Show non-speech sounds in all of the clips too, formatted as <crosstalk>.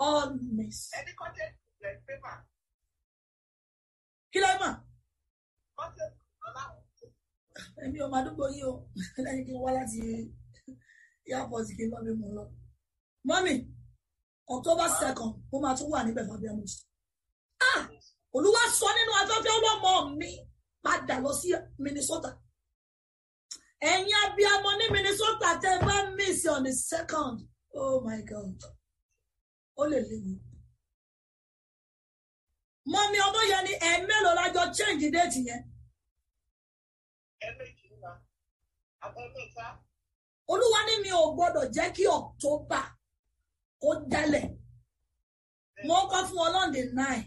All ẹni Any content like paper. kí ló mọ̀. wọ́n ṣe ọ̀la èmi ò máa dúpọ̀ yìí o lẹ́yìn kí n wá láti airport kí n lọ́ọ́ bí mo lọ. mọ́mì October second mo máa tún wà níbẹ̀ fàbíà mo sọ. Olúwa sọ nínú afẹ́fẹ́ ọlọ́mọ mi padà lọ sí Minnesota. ẹ̀yin abiyamọ ní Minnesota tẹ́ ẹ bá miss on the second oh my God. ó lè lé mi. ọmọ yẹn ni ẹ̀ mélòó la jọ change date yẹn. olúwa mi ò gbọdọ jẹ́ kí October kó dálẹ̀ mo kọ fún ọlọ́ọ̀dẹ̀ nine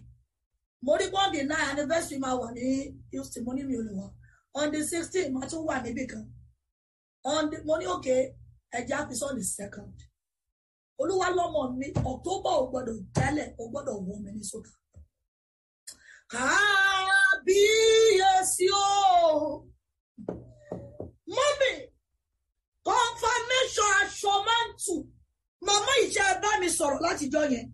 mo rí bọ́ọ̀dì nine anniversary wà ní Houston mo ní mi ò lè wá on the sixteen máa tún wà níbì kan mo ní òkè olúwa lọ́mọ mi October ò gbọ́dọ̀ jálẹ̀ ò gbọ́dọ̀ wọ mi ní sódà. kábíyèsí o mọ́mì confirmation aṣọ máa ń tù màmá ìṣe bá mi sọ̀rọ̀ látijọ́ yẹn.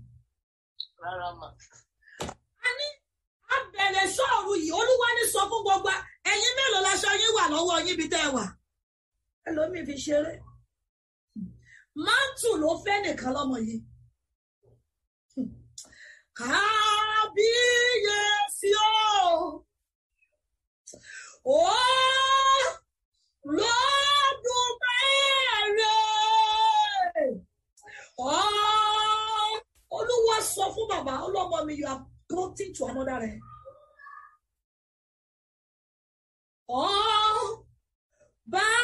a ní abẹ̀rẹ̀ sọ́ọ̀rù yìí olúwa ní sọ fún gbogbo ẹ̀yin mélòó laṣọ yín wà lọ́wọ́ yín bí tẹ́ ẹ wà. ẹlòmíì fi ṣeré mántù ló fẹ́ nìkan lọ́mọ yìí. kábíyèsí o ó lọ́dún mẹ́rin ọ́ olúwa sọ fún bàbá ọlọ́mọ mi you are pointing to another rẹ̀. ọ́ bá.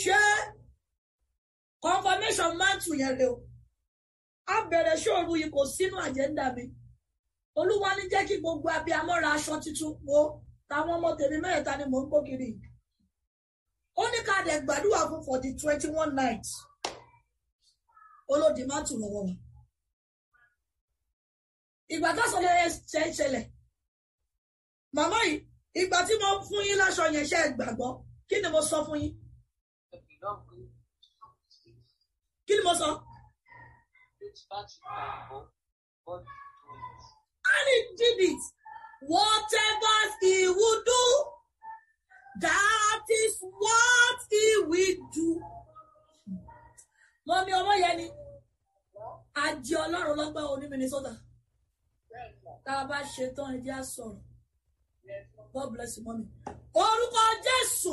ṣé confirmation máa ń tù yẹn lé o á bẹ̀rẹ̀ ṣòru yìí kò sínú àjẹ́ńdà mi olúwa ní jẹ́ kí gbogbo abiyamọ ra aṣọ tuntun po táwọn ọmọ tèmi mẹ́rẹ̀ẹ́ta ni mò ń kó kiri ó ní ká dẹ̀ gbàdúrà fún for the twenty one night olódì má tù lọ́wọ́ wa ìgbà tó sọ lẹ́yìn ṣẹlẹ̀ màmá yìí ìgbà tí mo fún yín láṣọ yẹn ṣe gbàgbọ́ kí ni mo sọ fún yín. kí ni mo sọ. and he did it whatever he would do that is what he will do. mọ́mí ọmọ yẹn ni ajé ọlọ́run lọ́gbà oní Minnesota tá a bá ṣe tán ẹ jẹ́ God bless you mommy. Orúkọ Jésù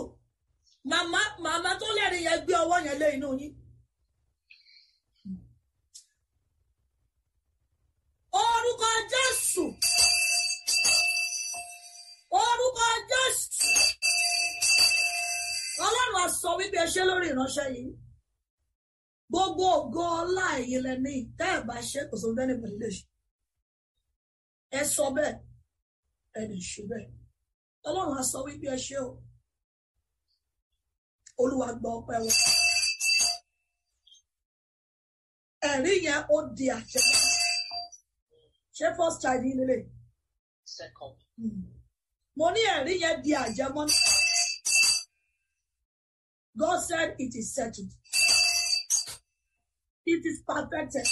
màmá màmá tó lẹ́rìí yẹn gbé ọwọ́ yẹn lé inú yín. Orúkọ Jésù. Orúkọ Jésù. Ọlọ́run á sọ wípé ẹ ṣe lórí ìránṣẹ́ yìí. Gbogbo ògo ọlá ẹ̀yin lẹ́ni tẹ́ ẹ̀ bá ṣe kò sóhun bẹ́ẹ̀ pẹ̀lú lè ṣe. Ẹ sọ bẹ́ẹ̀ ẹ lè ṣe bẹ́ẹ̀ ọlọ́run á sọ wípé ẹ ṣe o olúwa gba ọpẹ́ wọn ẹ̀rí yẹn ó di àṣẹ ṣé first child yìí lélẹ̀ second hmm. mo ní ẹ̀rí yẹn di àjẹmọ́ God said it is settled it is perfected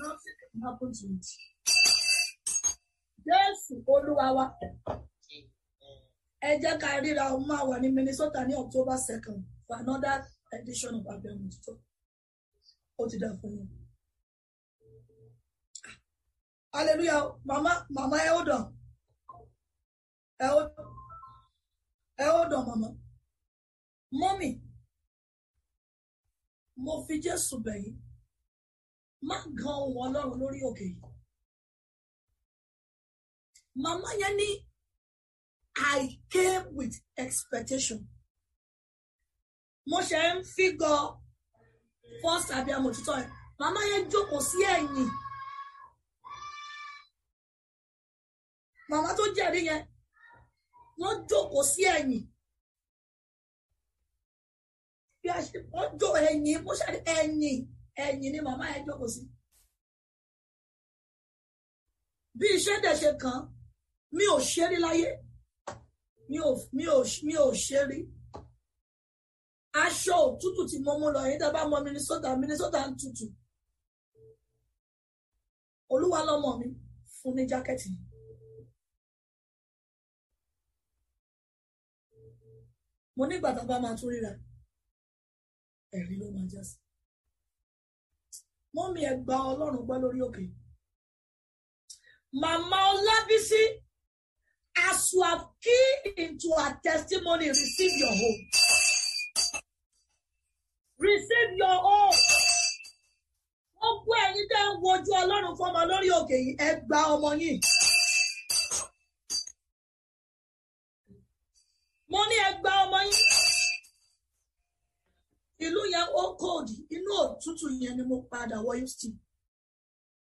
nothing can happen to it. Jésù Olúwa wa ẹ jẹ́ ká ríra o máa wà ní Minnesota ní October second for another edition of abẹ́mu títọ́ ó ti dà fún yín. hallelujah mama mama ẹ ó dàn ẹ ó ẹ ó dàn mama mọ́mì mo fi Jésù bẹ̀ yín má gan ohùn Ọlọ́run lórí òkè yìí. Mama Yani, I came with expectation. Mo ṣe ń figure first abiyamọ òtítọ́ yẹn. Màmá yẹn jókòó sí ẹ̀yìn. mama tó jẹ́rìí yẹn, wọ́n jókòó sí ẹ̀yìn. Bí a ṣe wọ́n jó mo ṣe ni mama yẹn jókòó sí. Bí ṣe kàn mi ò ṣe rí láyé mi ò mi ò mi ò ṣe rí aṣọ òtútù tí mo mú lọ yìí dábàá mọ Minnesota Minnesota ń tutù olúwa lọmọ mi fún ní jákẹ́tì yìí. mo nígbà tá a bá máa tún ríra ẹ̀rí ló máa já sí. mọ́mí ẹ̀ gba ọlọ́run gbọ́ lórí òkè. màmá ọlábísí As you have keyed into our testimony, receive your hope. Receive your hope. Gbogbo ẹ̀yin tẹ́ ń wojú Ọlọ́run fọmọ lórí òkè yìí, ẹ gba ọmọ yìí. Mo ní ẹ gba ọmọ yìí. Ìlú yẹn ó inu inú òtútù yẹn ni mo padà wọ Houston.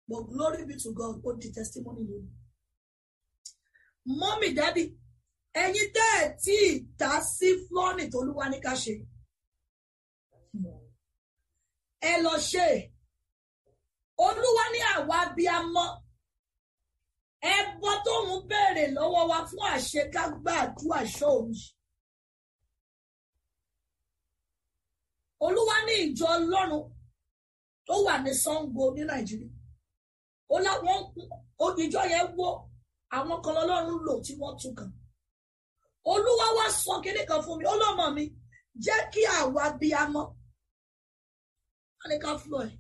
But glory be to God, o di testimony lónìí. mọ́mì dádì ẹ̀yin tẹ́ ẹ̀ tí ì ta sí flọ́ọ̀nì tó lúwa ní ká ṣe ẹ lọ ṣe olúwa ní àwa abiyamọ ẹbọ tóun béèrè lọ́wọ́ wa fún àṣekágbá àdúrà ṣóun yìí olúwa ní ìjọ ọlọ́run tó wà ní Ṣàngó ní Nàìjíríà ó láwọn ìjọ yẹn wó àwọn kan lọ́lọ́run lò tí wọ́n tún kàn olúwa wá sọ kíní kan fún mi ọlọ́mọ mi jẹ́ kí àwa bí a mọ́ wọ́n ní ká fún ẹ̀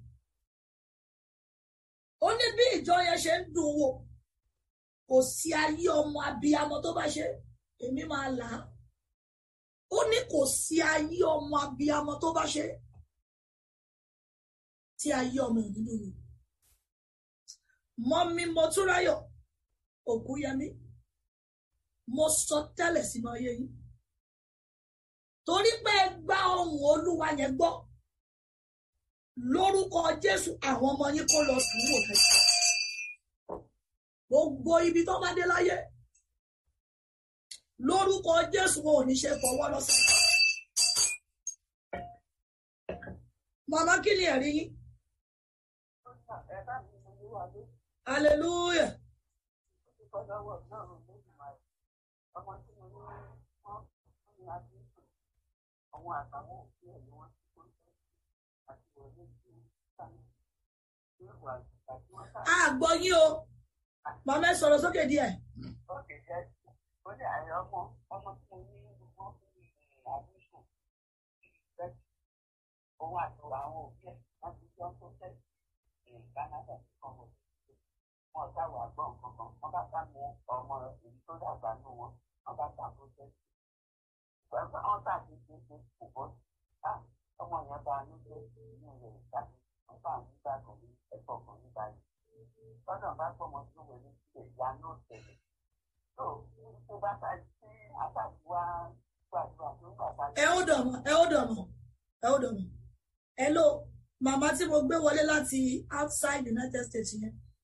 ó ní bí ìjọ yẹn ṣe ń dùn wò kò sí ayé ọmọ abiyamọ tó bá ṣe èmi máa là á ó ní kò sí ayé ọmọ abiyamọ tó bá ṣe tí ayé ọmọ òdúdú rò mọ́mí mọ́túráyọ̀ ògúnyẹmí mo sọ tẹ́lẹ̀ sínú ayé yín torí pé ẹ gba ohùn olúwa yẹn gbọ́ lórúkọ jésù àwọn ọmọ yín kó lọ sùn wò kẹsì gbogbo ibi tó bá dé láyé lórúkọ jésù wọn ò ní ṣe fọwọ́ lọ́sàn. màmá kí ni ẹ̀rí yín. hallelujah dúpẹ́ lọ́wọ́ ọlọ́run lójúmọ́ ọmọ tí mo a gbọ́ yín o màmá sọ̀rọ̀ sókè díẹ̀. ókè àti àwọn òbí ẹ̀ wọ́n ti tó tẹ̀sí ní Canada ti kọ́ wọlé wọn táwọn àgbọn kankan wọn bá bá mi ọmọ èyí tó dàgbà nù wọn wọn bá ta protest pẹ̀lú wọn bá ti ṣe ṣe kò bọ́ sí ọmọ yẹn bá ní pé inú rẹ̀ jáde wọn bá ní gbà kan ní ẹ̀kọ́ kan ní báyìí lọ́dọ̀ bá gbọ́mọ tó wẹ̀ ní ilẹ̀ ìyá náà tó tó bá ta sí àtàkùwà gbàdúrà tó gbàgbà. ẹ ó dọ̀mọ̀ ẹ ó dọ̀mọ̀ ẹ ó dọ̀mọ̀ ẹ ló màmá tí mo gbé wọlé láti outside United States yẹn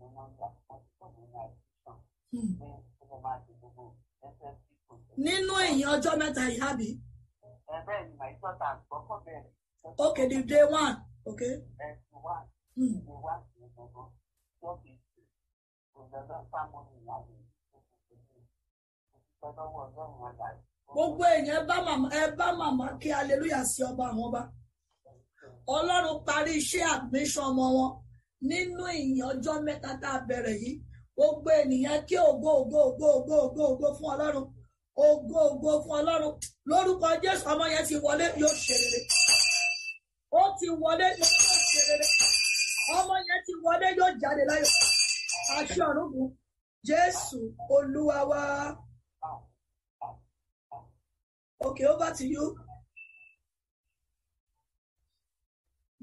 ló máa ń gbà fún nínú àìsàn ọjọ́ mẹ́ta yìí àbí. ok the day one ok. ẹ ti wá ìwé wá sí gbogbo lọ́ọ̀kì òjòjò fámọ́nì ìyáàbí ìtọ́jọ́wọ́ ọlọ́run ọ̀la. ẹ bá màmá kí hallelujah sí ọba àwọn ọba ọlọ́run parí iṣẹ́ admission ọmọ wọn nínú ìyìn ọjọ́ mẹ́ta tá a bẹ̀rẹ̀ yìí gbogbo ènìyàn kí ògo ògo ògo ògo ògo ògo fún ọlọ́run ògo ògo fún ọlọ́run lórúkọ jésù ọmọ yẹn ti wọlé yóò ṣe rere ó ti wọlé yóò ṣe rere ọmọ yẹn ti wọlé yóò jáde láyọ̀ àṣẹ ọ̀run jésù olúwa okay over to you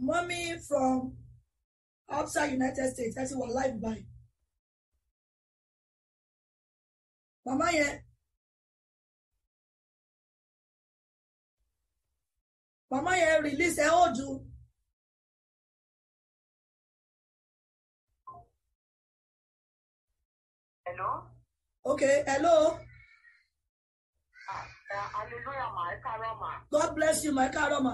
mommy from outside United States ẹ ti wà live by Mama yẹn Mama yẹn release ẹ ó dùn. Hello. Okay, hello. Uh, uh, hallelujah, my karama. God bless you, my karama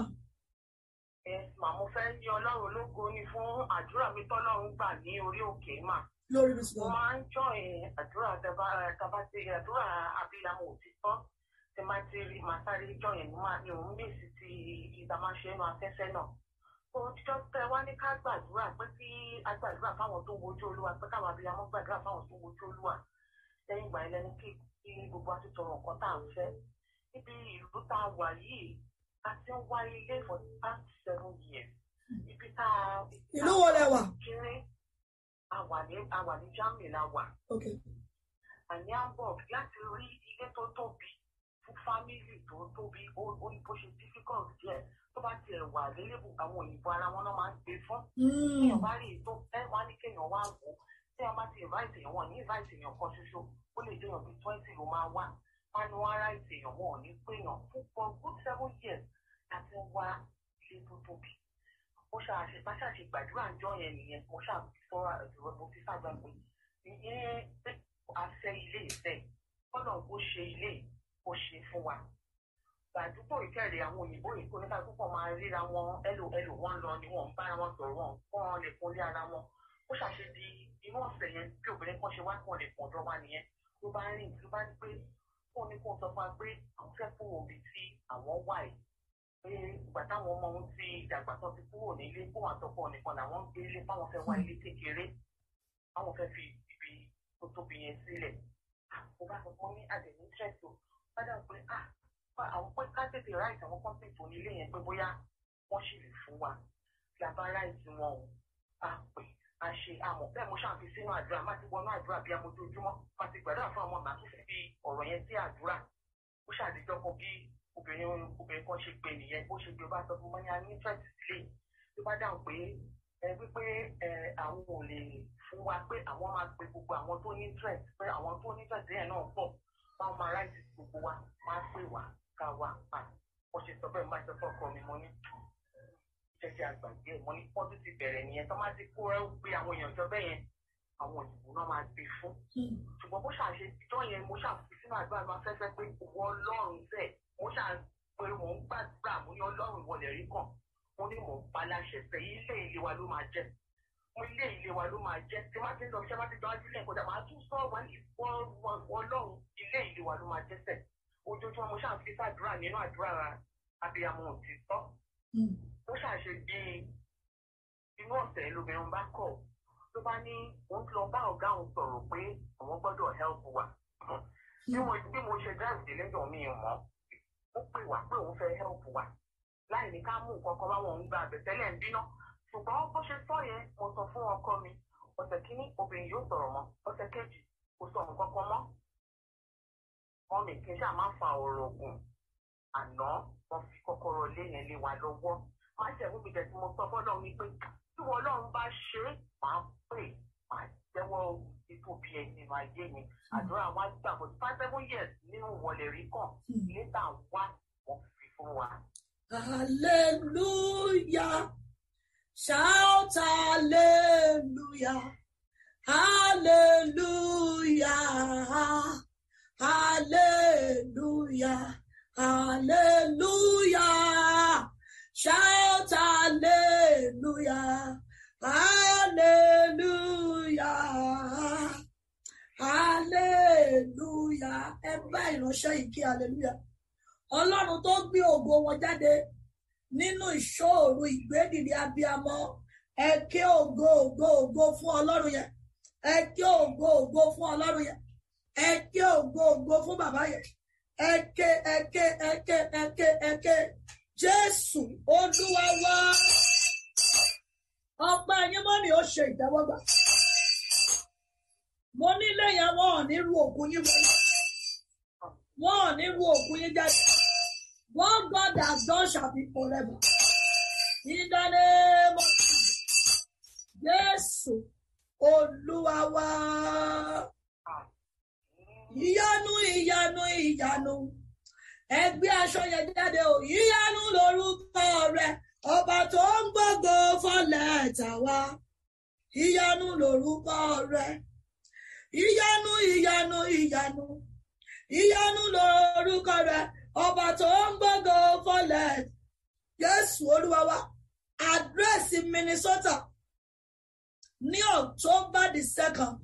mà mo fẹ́ ní ọlọ́run lógo ni fún àdúrà mi tọ́lọ́run gbà ní orí òkè mà. lórí mi sọ. mo máa ń jọ àdúrà tabati àdúrà abiyamọ òtítọ́ tí máa ti rí màá jọ yẹn ní máa ní òun ní ìsìtì ìdámáṣe ẹnu afẹ́fẹ́ náà. ó jọ pé wá ní ká gbàdúrà pé kí a gbàdúrà fáwọn tó wojú olúwa pé káwọn abiyamọ gbàdúrà fáwọn tó wojú olúwa lẹ́yìn ìgbà yẹn kí gbogbo àtúntò ọ̀kan tá à ń fẹ́ níbi ìlú tá a wà yìí a ti ń wá ilé for the past seven years hmm. ibi tá a. ìlú wo lẹ wà. kiri àwà ní àwà ní Germany la wà. àní Hamburg láti rí ilé tó tóbi fún fámìlì tó tóbi ó ṣe difficult díẹ̀ tó bá tiẹ̀ wà lélébù àwọn òyìnbó ara wọn náà máa ń gbé fún. kéèyàn hmm. bá rí ètò ẹ wá ní kéèyàn wá wò ó bá ti invite èèyàn wọn ní invite èèyàn kan ṣoṣo ó lè jẹyàn bíi twenty ló máa wà panu ara ìṣèyàn wọn ò ní péyàn púpọ̀ good seven years láti wá ilé tó tóbi mo ṣàṣe bá ṣàṣe gbàdúrà ńjọ yẹn nìyẹn mo ṣàṣọra ìdúró mo fi sábà pé àṣẹ ilé ìfẹ́ kọ́nà kó ṣe ilé kó ṣe fún wa gbàdúgbò ìkẹrẹ àwọn òyìnbó ìkó nípa púpọ̀ máa ríra wọn ẹlò ẹlò wọn lọ ni wọn ń wọn sọ̀rọ̀ wọn kọ́ lè lé ara wọn ó ṣàṣe di inú ọ̀sẹ̀ yẹn bí obìnrin kan ṣe wá kàn lè ọ̀dọ́ wa nìyẹn ló bá ń rìn ló bá ń pé fún ní kó sọ fún wa pé àwọn fẹ́ kó òbí tí àwọn wà yìí pé ìgbà táwọn ọmọ ohun ti dàgbà tó ti kúrò nílé kó àtọkọ nìkan làwọn ń gbé ilé fáwọn fẹ́ wá hmm. ilé kékeré àwọn fẹ́ fi ibi tó tóbi yẹn sílẹ̀ mo bá sọ fún ní àdéhùn interest o padà pé ah àwọn pé ká tètè ráìtì àwọn company tó nílé yẹn pé bóyá wọ́n ṣì lè fún wa làbá ráìtì wọn o a pè é à ń ṣe àmọ̀ bẹ́ẹ̀ mo ṣàǹfi sínú àdúrà má ti wọnú àdúrà bí amojoojúmọ́ má ti gbàdúrà fún ọmọ màá tún fi fi ọ̀rọ̀ yẹn sí àdúrà ó ṣàdéjọ́ kan bí obìnrin obìnrin kan ṣe pé nìyẹn bó ṣe gbé bá sọ fún mọ́nyá ní twenty three ló bá dáhùn pé ẹ wípé ẹ àwọn ò lè fún wa pé àwọn máa pe gbogbo àwọn tó ní interest pé àwọn tó ní interest yẹn náà pọ̀ báwọn máa ráìtì gbogbo wa máa pè wá ká wá pa wọ́n ṣe sọ bẹ́ẹ̀ máa ṣe fọ́kọ mi mo ní ṣẹ̀ṣẹ̀ àgbàgbé mo ní pọ́ńtù bẹ̀rẹ̀ nìyẹn tó máa ti kó rẹ́ pé àwọn èèyàn jọ bẹ́ẹ̀ yẹn àwọn òyìnbó náà máa gbé fún. ṣùgbọ́n bó ṣàṣe ìjọ yẹn mo ṣàfi sínú àgbà máa fẹ́fẹ́ pé owó ọlọ́run tẹ̀ mo ṣàpè mò ń gbàdúrà mo ní ọlọ́run ìwọlẹ̀ rí kàn mo ní mò ń paláṣẹ pé ilé ilé wa ló máa jẹ́ mo ilé ilé wa ló máa jẹ́ tí wọ́n ti lọ ṣẹ́ bá ti lọ ajílẹ̀ kọjá máa tún sọ wá ní ọlọ́run ilé ilé wa ló máa jẹ́ sẹ̀ ojoojúmọ́ mo ṣàfi sàdúrà nínú àdúrà abiyamọ òtítọ́ ó ṣàṣe bíi inú ọ̀sẹ̀ lóbìnrin bá kọ̀ tó bá ní òun ti lọ bá ọ̀gá òun sọ̀rọ̀ pé àwọn gbọ́dọ̀ help wa bí mo ṣe dáàbì lẹ́yìn mi mọ́ ó pè wá pé òun fẹ́ help wa láì ní ká mú nǹkan kan wá wọn ń gba àbẹ̀tẹ́lẹ̀ ń bínú ṣùgbọ́n bó ṣe sọ yẹn mo sọ fún ọkọ mi ọ̀sẹ̀ kínní obìnrin yóò sọ̀rọ̀ mọ́ ọ̀sẹ̀ kejì kò sọ nǹkan kan mọ́ wọn mi kì í ṣáà máa ń fa ọ̀rọ̀ ògùn àná wọn fi kọ́kọ́rọ́ lé yẹn lé wa lọ́wọ́ má jẹ̀wọ́ mi jẹ̀sí mo sọ fọ́lọ́run ni pé tí wọn lọ́run bá ṣe é máa pè má jẹ́wọ́ ìtòbí ẹ̀ nínú ayé mi àdúrà wá gbà bọ́ five seven years nínú wọlé rí kàn nígbà wá wọn fi fún wa. hallelujah shout hallelujah hallelujah hallelujah hallelujah. Shout hallelujah, hallelujah, hallelujah. Ẹ bá ìránṣẹ́ ike kí hallelujah. Ọlọ́run tó gbé ògo wọn jáde nínú ìṣòro ìgbédìde abiyamọ. Ẹ ògo ògo ògo fún Ọlọ́run yẹn. ẹkẹ ògo ògo fún Ọlọ́run yẹn. Ẹ jésù olúwa wá ọpẹ́ yín mọ́ ni ó ṣe ìtẹ́wọ́gbà mo nílé yẹn wọn ò ní ru òkú yín wọlé wọn ò ní ru òkú yín jáde one God has done shall be forever in the name of jésù olúwa wá ìyanu ìyanu ìyanu. ẹ gbé aṣọ yẹn jáde ò yíyanu lórúkọ rẹ ọba tó ń gbogbo fọlẹ̀ tàwa ìyanu lórúkọ rẹ ìyanu ìyanu ìyanu ìyanu lórúkọ rẹ ọba tó ń gbogbo fọlẹ̀ Jésù Olúwa wa àdírẹ́sì Minnesota ní October the second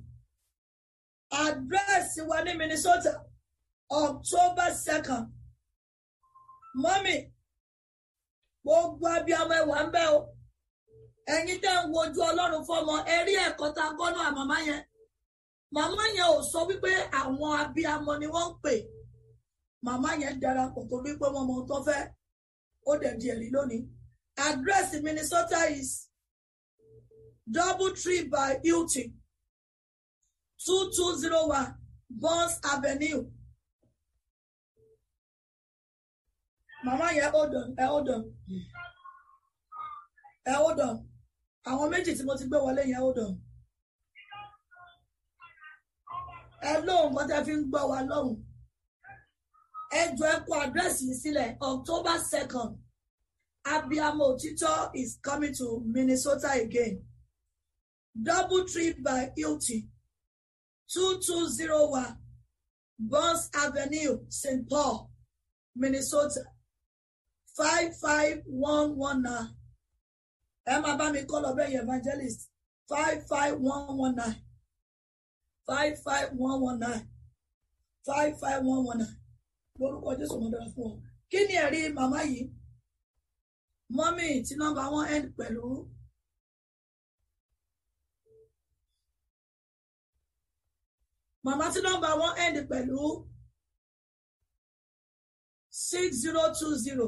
àdírẹ́sì wa ní Minnesota October second. mọ́mì gbogbo abiyamọ ẹwà ń bẹ o ẹ̀yin tẹ́ ń wojú ọlọ́run fọmọ ẹ rí ẹ̀kọ́ ta gbọ́nà àmàmá yẹn màmá yẹn ò sọ wípé àwọn abiyamọ ni wọ́n ń pè màmá yẹn darapọ̀ tó wípé wọ́n mọ tó fẹ́ ó dẹ̀ di ẹ̀rí lónìí address Minnesota is double tree by Hilton two two zero one Bonds Avenue Mama, yẹn hold on ẹ eh, hold on ẹ eh, hold on àwọn méjì tí mo ti gbé wọlé yẹn hold on ẹ lóhùn kan tẹ́ fi ń gbọ́ wa lóhùn ẹ jọ ẹ kó àdírẹ́sì yìí sílẹ̀ October second abiyamọ òtítọ́ is coming to Minnesota again double trip by Hilti two two zero one Burns Avenue St Paul Minnesota five five one one nine ẹ máa bá mi kọ́ bẹ́ẹ̀ evangelist five five one one nine five five one one nine five five one one nine lórúkọ Jésù mo dára fún ọ kí ni ẹ̀rí màmá yìí mọ́mì tí nọ́mbà wọn end pẹ̀lú. màmá tí nọ́mbà wọn end pẹ̀lú six zero two zero.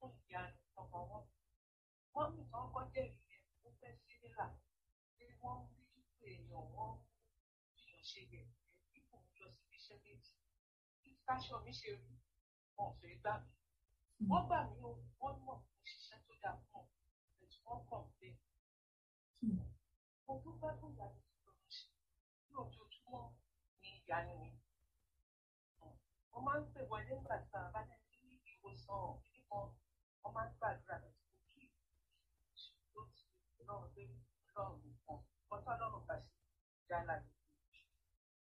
fún ìyá ọmọ wọn wọ́n kọjá ìrìn ó fẹ́ sí nílà pé wọ́n rí èèyàn wọ́n fìyàn ṣe yẹ ipò òjọ síbi iṣẹ́ méjì kí táṣọ mi ṣe rí wọn ò fẹ́ gbà mí wọ́n gbà mí o wọ́n mọ̀ mo tó dáa fún ọ ẹ̀sùn wọn kàn pé mo dúpẹ́ fún ìyá mi tó ṣe ní ojoojúmọ́ ní ìyá ni mi mo máa ń pè wọlé nígbà tí bàbá mi ní ìwòsàn ìdíkan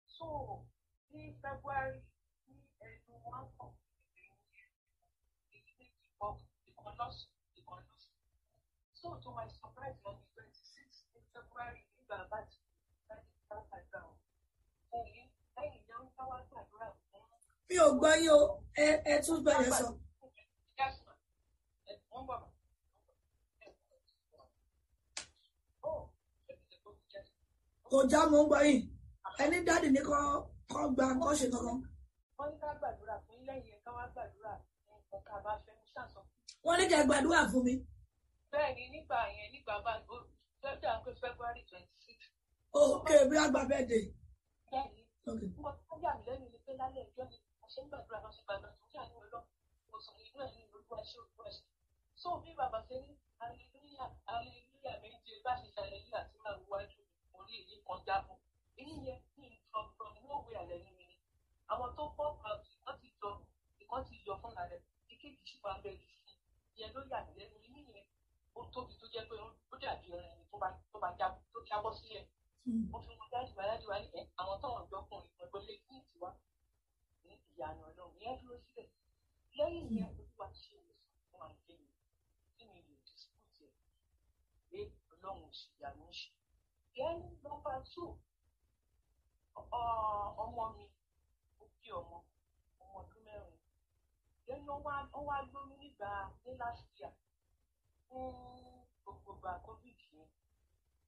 so in February ní ẹnu wọn kàn so to my surprise on the twenty sixth ní February nígbà bá ti láti bá àgbà wọn. èyí lẹ́yìn náà ń bá wá gbàdúrà. mi ò gbọ́ yín kò já mọ́ ń gbà yìí ẹni dáàdì ní kọ́ kọ́ gba kọ́ ṣe kankan. wọ́n ní ká gbàdúrà fún ilé yẹn ká wá gbàdúrà fún ọ̀tá bá fẹ́ mú ṣàǹsọ̀. wọ́n ní kẹ́ gbàdúrà fún mi. bẹ́ẹ̀ni nígbà yẹn nígbà bá lọ́jà pé february twenty six. ok bí a gba bẹ́ẹ̀ dé. bẹ́ẹ̀ni mo ti yà mí lẹ́nu ilé lálẹ́ ẹjọ́ ni àṣẹ ń gbàdúrà lọ́sẹ̀ gbàdúrà tó yà ní ọlọ́ so bí bàbá ṣe ní aleluya aleluya méje bá ṣe ṣe aleluya tí máa wájú orí èyí kan jábọ̀ èyí yẹn ní from from nowhere àlẹ́ ní mi ni àwọn tó pọ̀ pàtó wọ́n ti jọ ìkan ti yọ fún ààrẹ ìkéjì sí wa bẹ́ẹ̀ jù fún ìyẹn ló yà mí lẹ́nu inú yẹn ó tóbi tó jẹ́ pé ó dàbí ẹran ẹni tó bá jábọ́ sílẹ̀ ó hmm. fi wọn dájú wa dájú wa ní àwọn táwọn ọ̀dọ́kùnrin kan gbọ́lé kí n tiwa ní ìyànà ọlọ́run yẹn dúró sílẹ̀ lẹ́yìn yẹn olúwa ṣe ọlọ́run sì yanu sí. then number two ọmọ mi ó bí ọmọ ọmọ ọdún mẹ́rin then wọ́n wá lóyún nígbà ní last year fún gbogbo gba covid yẹn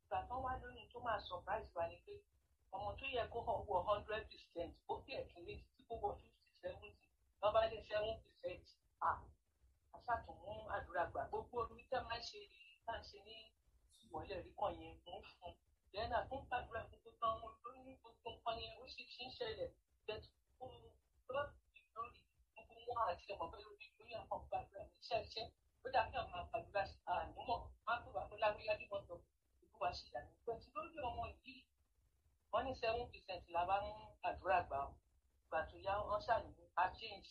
ìgbà tán wá lóyún tó máa surprise wa ni pé ọmọ tó yẹ kó wọ hundred percent ó bí ẹ̀kẹ́ méjì tí kò wọ fifty seventy wọ́n bá seven percent àṣàtúnmú àdúrà gbà gbogbo omi tá a máa ṣe tá a ṣe ní wọlé rí kàn yẹn mò ń fún un yẹn náà tó ń gbàdúrà gbogbo àwọn olóyún gbogbo nǹkan yẹn ó sì ṣe ń ṣẹlẹ̀ bẹ́ẹ̀ tó lọ́ọ̀dì lórí gbogbo wọn àti ọmọ pẹ̀lú bí lóyún àwọn gbàdúrà iṣẹ́ iṣẹ́ ó dà bí àwọn àgbàdúrà ànímọ̀ má tó wà fún lágbéyà bí wọ́n lọ ìlú wa ṣe yàrá pẹ̀tù lórí ọmọ yìí wọ́n ní seven percent la bá ń àdúrà gbà ó ìgbà tó yá wọ́n ṣàlùmí a change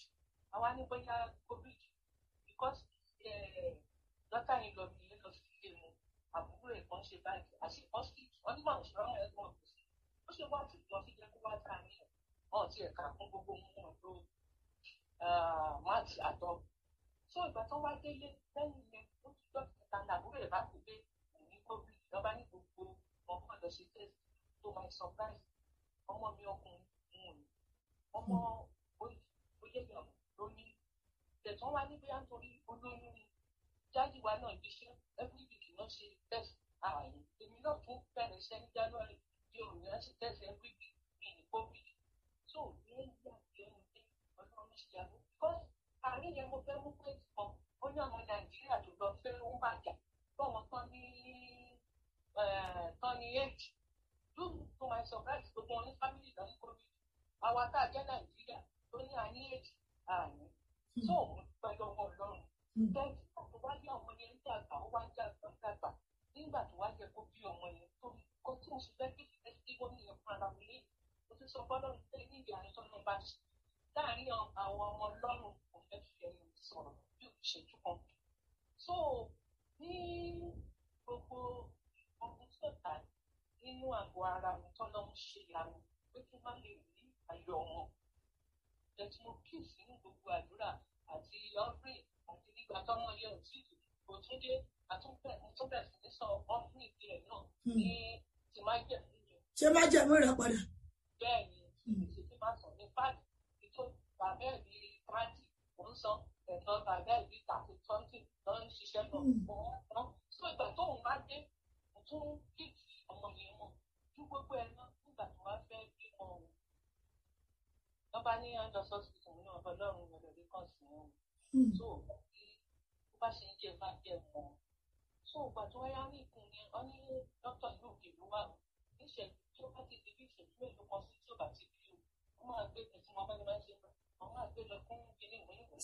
àwa ní bóyá covid because dọ́tà yìí lọ bí lọ sí àbúrò ẹ̀kan ṣe báyìí àṣì hospital wọn nígbà tó ṣe rán ẹ̀gbọ́n tó sí ó ṣe wá tìlú lọ sí jẹ́ kó wá dá ní ọ̀ tí ẹ̀ka kún gbogbo mú wọn ló ah, máàtì àtọ́ so ìgbà tó wá délé lẹ́yìn yẹn ó ti jọ́ kẹta ní àbúrò ẹ̀ bá kú pé òní covid lọ́ba ní gbogbo ọmọ lọ ṣe test tó máa surprise ọmọ mi ọkùnrin òun ọmọ oyè yàn ló ní tẹ̀tún wá ní bóyá nítorí olóyún jáde wa náà ibi iṣẹ́ everyday lọ ṣe test ààyè ah, èmi náà tún bẹ̀rẹ̀ iṣẹ́ ní january di òmìnira ṣe test every week mi ní covid so lẹ́yìn àti ẹnu dé ọlọ́run ṣe yàgò because àárín yẹn mo fẹ́ mú pé ọ̀ ó ní ọmọ nàìjíríà tó lọ fẹ́ ó má jà bọ́ọ̀mọ tán ní tán ní age lóòrùn tó máa surprise gbogbo wọn ní family náà ní covid àwa tá a jẹ́ nàìjíríà tó ní àní age àní hmm. so pẹ̀lú ọmọ ọlọ́run Then nígbà tó wá yá ọmọ yẹn ń dàgbà, ó wá ń dàgbà ń dàgbà. Nígbà tó wá yẹ kó bí ọmọ yẹn tó kó tí mo sì fẹ́ kí ìfẹ́ sí wọ́n nìyẹn fún ara mi léyìí. Mo ti sọ fọ́lọ́run pé ní ìyá àìsàn náà bá ṣe. Láàárín àwọn ọmọ ọlọ́run kò fẹ́ fi ẹnu sọ̀rọ̀ bí òṣèjú kan. So ní gbogbo ọdún tó ta nínú àgọ́ ara mi tọ́lọ́ ń ṣe ìyanu pé kí n má lè rí ayọ̀ wọn. Ẹ̀sùn mo kí ìsínú gbogbo àdúrà àti ọ̀rìn àti nígbà tọ́mọ yẹ ò sọ ọ́fíìnì tiẹ̀ náà ní ti má ṣé má jẹ̀ mí padà. bẹ́ẹ̀ni ìṣe tí máa sọ ní páàdì ìtò bàbá ẹ̀ ní pàǹtì ò ń san ẹ̀tọ́ bàbá ẹ̀ ní tàkùn tọ́ǹtì ló ń ṣiṣẹ́ lọ òun tán sọ ìgbà tóun bá dé òtún kíkì ọmọ yẹn mọ̀ ju gbogbo ẹ̀ náà nígbà tó wá fẹ́ bímọ òun. lọ́ba ní ọjọ́ sọ́sìtì náà ọlọ́run ọ̀dọ̀ so bó bá ṣe ń jẹ bá jẹ mọ́ so ìgbà tó wáyá ní ìkun ni wọ́n ní dókítà ìlú òkè ló wà níṣẹ́jú tó bá ti di bí ìṣẹ́jú mélòó kan sí tí ó bá ti bí o wọ́n máa gbé tẹ̀sí wọn bá ní bá ṣe wọ́n máa gbé lọ fún kíní ìwé ìwé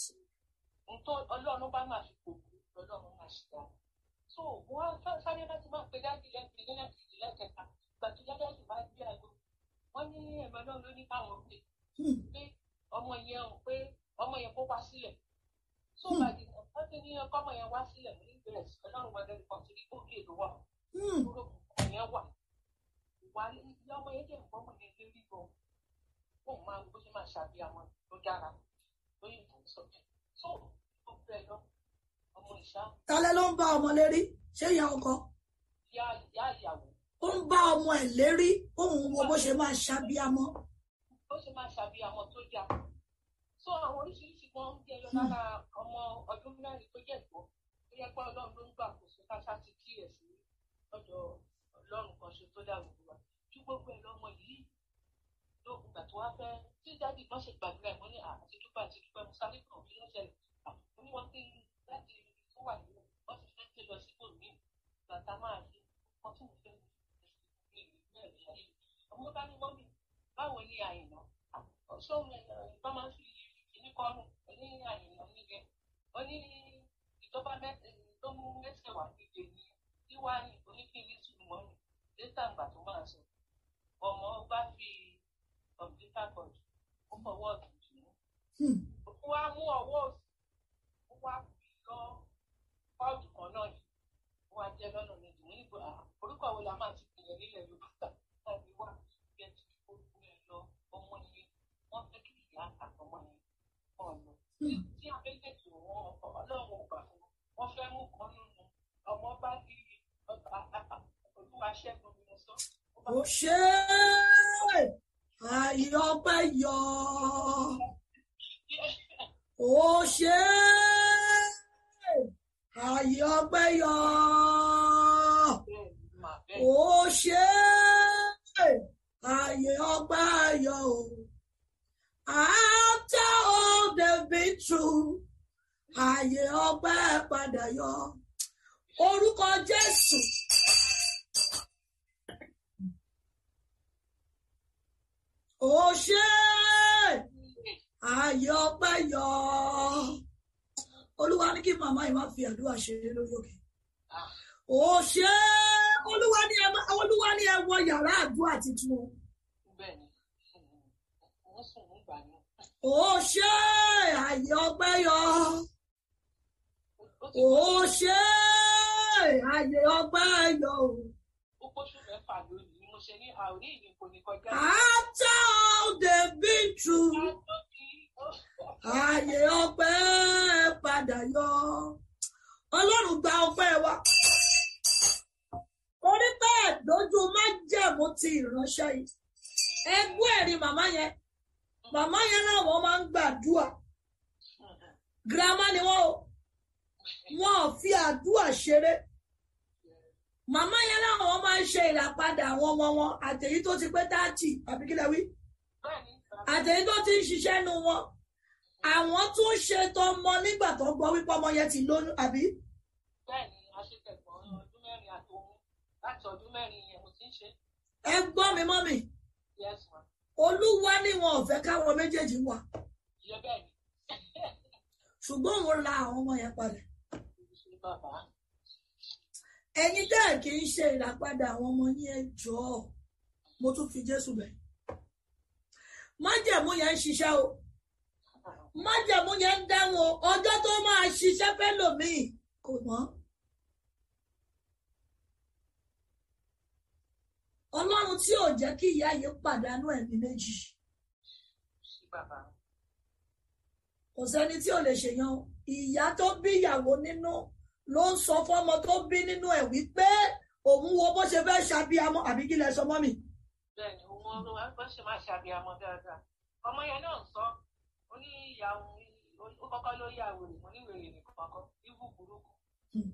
nǹkan ọlọ́run bá máa fi kòkó lọ́lọ́run máa ṣe dáa so wọ́n sáré láti máa pe dájú lẹ́ẹ̀kì lẹ́ẹ̀kì lẹ́ẹ̀kẹta gbàtú dájú bá gbé aago wọ́n ní ẹ̀rọ náà ló ní káwọn pé pé ọmọ yẹn ò pé ọmọ yẹn kópa sílẹ̀ so bàdì hmm. ọ̀pá ti ní ọgọ́mọ yẹn wá sílẹ̀ ní ìbẹ̀rẹ̀ ọlọ́run wà lẹ́nu kan torí ó kéde wà dúró hmm. kọ̀ yẹn wà wà ní ọmọ yẹn jẹ́ ìgbọ́mọ yẹn lérí gan kó máa bó ṣe máa ṣàbí àwọn ló dára lóyún tó sọ so ó bẹ̀rẹ̀ lọ ọmọ ìṣá. tálẹ́ ló ń bá ọmọ lérí ṣé ìyá ọkọ. ìyá ìyàwó. ó ń bá ọmọ ẹ̀ lérí òun wo bó ṣe máa ṣàbí àmọ́. bó ṣe máa ṣàbí àmọ́ tó dáa so àwọn oríṣiríṣi kan ń jẹyọ lára ọmọ ọdún mẹ́rin tó jẹ́ ìgbọ́ tó yẹ pé ọlọ́run ló ń gbà kó so káṣá ti kíyèsí lọ́dọ̀ ọlọ́run kan ṣe tó dàrú wa ju gbogbo ẹ̀ lọ́mọ yìí lóògùn gbà tó wá fẹ́ tí dáàbì kan ṣe gbàdúrà ẹ̀mọ́ ní àti dúpẹ́ àti dúpẹ́ musálẹ́ kan bí wọ́n ṣẹlẹ̀ àti wọ́n ti láti tó wà nínú wọ́n ti fẹ́ ké lọ sí bòmí bàtà máa fi wọ́n tún fẹ́ ọmọ bá ní mọ́mí báwo ni àyìnbá ṣé òun ẹ̀ bá máa ń fi kọ́nù oníyìn àyìnà níyẹn ó ní ìjọba tó mú mẹ́sẹ̀wá níje ní wíwá ní oníkiri sùnmọ́nù létà ìgbà tó máa sọ ọmọ bá fi kọ̀m̀pútà kọ̀jù ó fọwọ́ ọ̀tún jù ú hmm. ó wá mú ọwọ́ òsì ó wá fi lọ pọ́ọ̀dù kan náà yìí ó wá jẹ́ lọ́nà méjì ní ìgbà orúkọ wo la máa ti pè é nílẹ̀ Yorùbá. tí àbẹ́tẹ̀tò ọlọ́run gbà fún wọn ṣe é ayọ̀ ọpẹ́ ṣe é ayọ̀ ọpẹ́ ṣe é ayọ̀ after all the been through ààyè ọpẹ́ padà yọ orúkọ Jésù. ó ṣe ààyè ọpẹ́ yọ olúwa ní kí màmá yìí má fi àdúrà ṣe lórí òkè ó ṣe olúwa ní ẹ yàrá àdúrà tuntun. ó ṣe àyè ọpẹ́ yọ ó ṣe àyè ọpẹ́ yọ. After all they've been through, àyè ọpẹ́ padà yọ. Ọlọ́run gba ọpẹ́ wa. Orí bẹ́ẹ̀ dojú májẹ̀mú ti ìránṣẹ́ yìí. Ẹgbẹ́ ẹ̀rí màmá yẹn màmá yẹn làwọn máa ń gbàdúà girama ni wọn o wọn ò fi àdúà ṣeré màmá yẹn làwọn máa ń ṣe ìràpadà àwọn ọmọ wọn àtẹ̀yí tó ti pé táàtì àbí kílẹ̀ wí àtẹ̀yí tó ti ń ṣiṣẹ́ nu wọn àwọn tún ṣe tọmọ nígbà tó gbọ́ wípé ọmọ yẹn ti lóyún àbí. a ṣe tẹgbọn ọdún mẹ́rin àtòun láti ọdún mẹ́rin yẹn mo ẹ gbọ́ mi mọ́ mi olúwa ni wọn ò fẹ́ káwọn méjèèjì wà ṣùgbọ́n òun la àwọn ọmọ yẹn padà ẹ̀yin tẹ́ ẹ̀ kì í ṣe ìràpadà àwọn ọmọ yín ẹ mo tún fi Jésù bẹ̀ májẹ̀mú yẹn ń ṣiṣẹ́ o májẹ̀mú yẹn ń dáhùn ọjọ́ tó máa ṣiṣẹ́ fẹ́ lòmíì kò mọ́. ọlọ́run tí ò jẹ́ kí ìyá yìí pàdánù ẹ̀mí méjì kò sẹ́ni tí ò lè ṣèyàn ìyá tó bí ìyàwó nínú ló ń sọ fọ́mọ tó bí nínú ẹ̀ wípé òun wo bó ṣe fẹ́ ṣàbíamọ́ àbí kí lẹ sọ mọ́ mi. bẹ́ẹ̀ni òun ló wá bó ṣe máa ṣàbíamọ́ dáadáa ọmọ yẹn náà sọ ó ní ìyàwó ó kọ́kọ́ ló yàwó rẹ̀ mo níwèrè nìkan kọ́ ibú burúkú Hmm.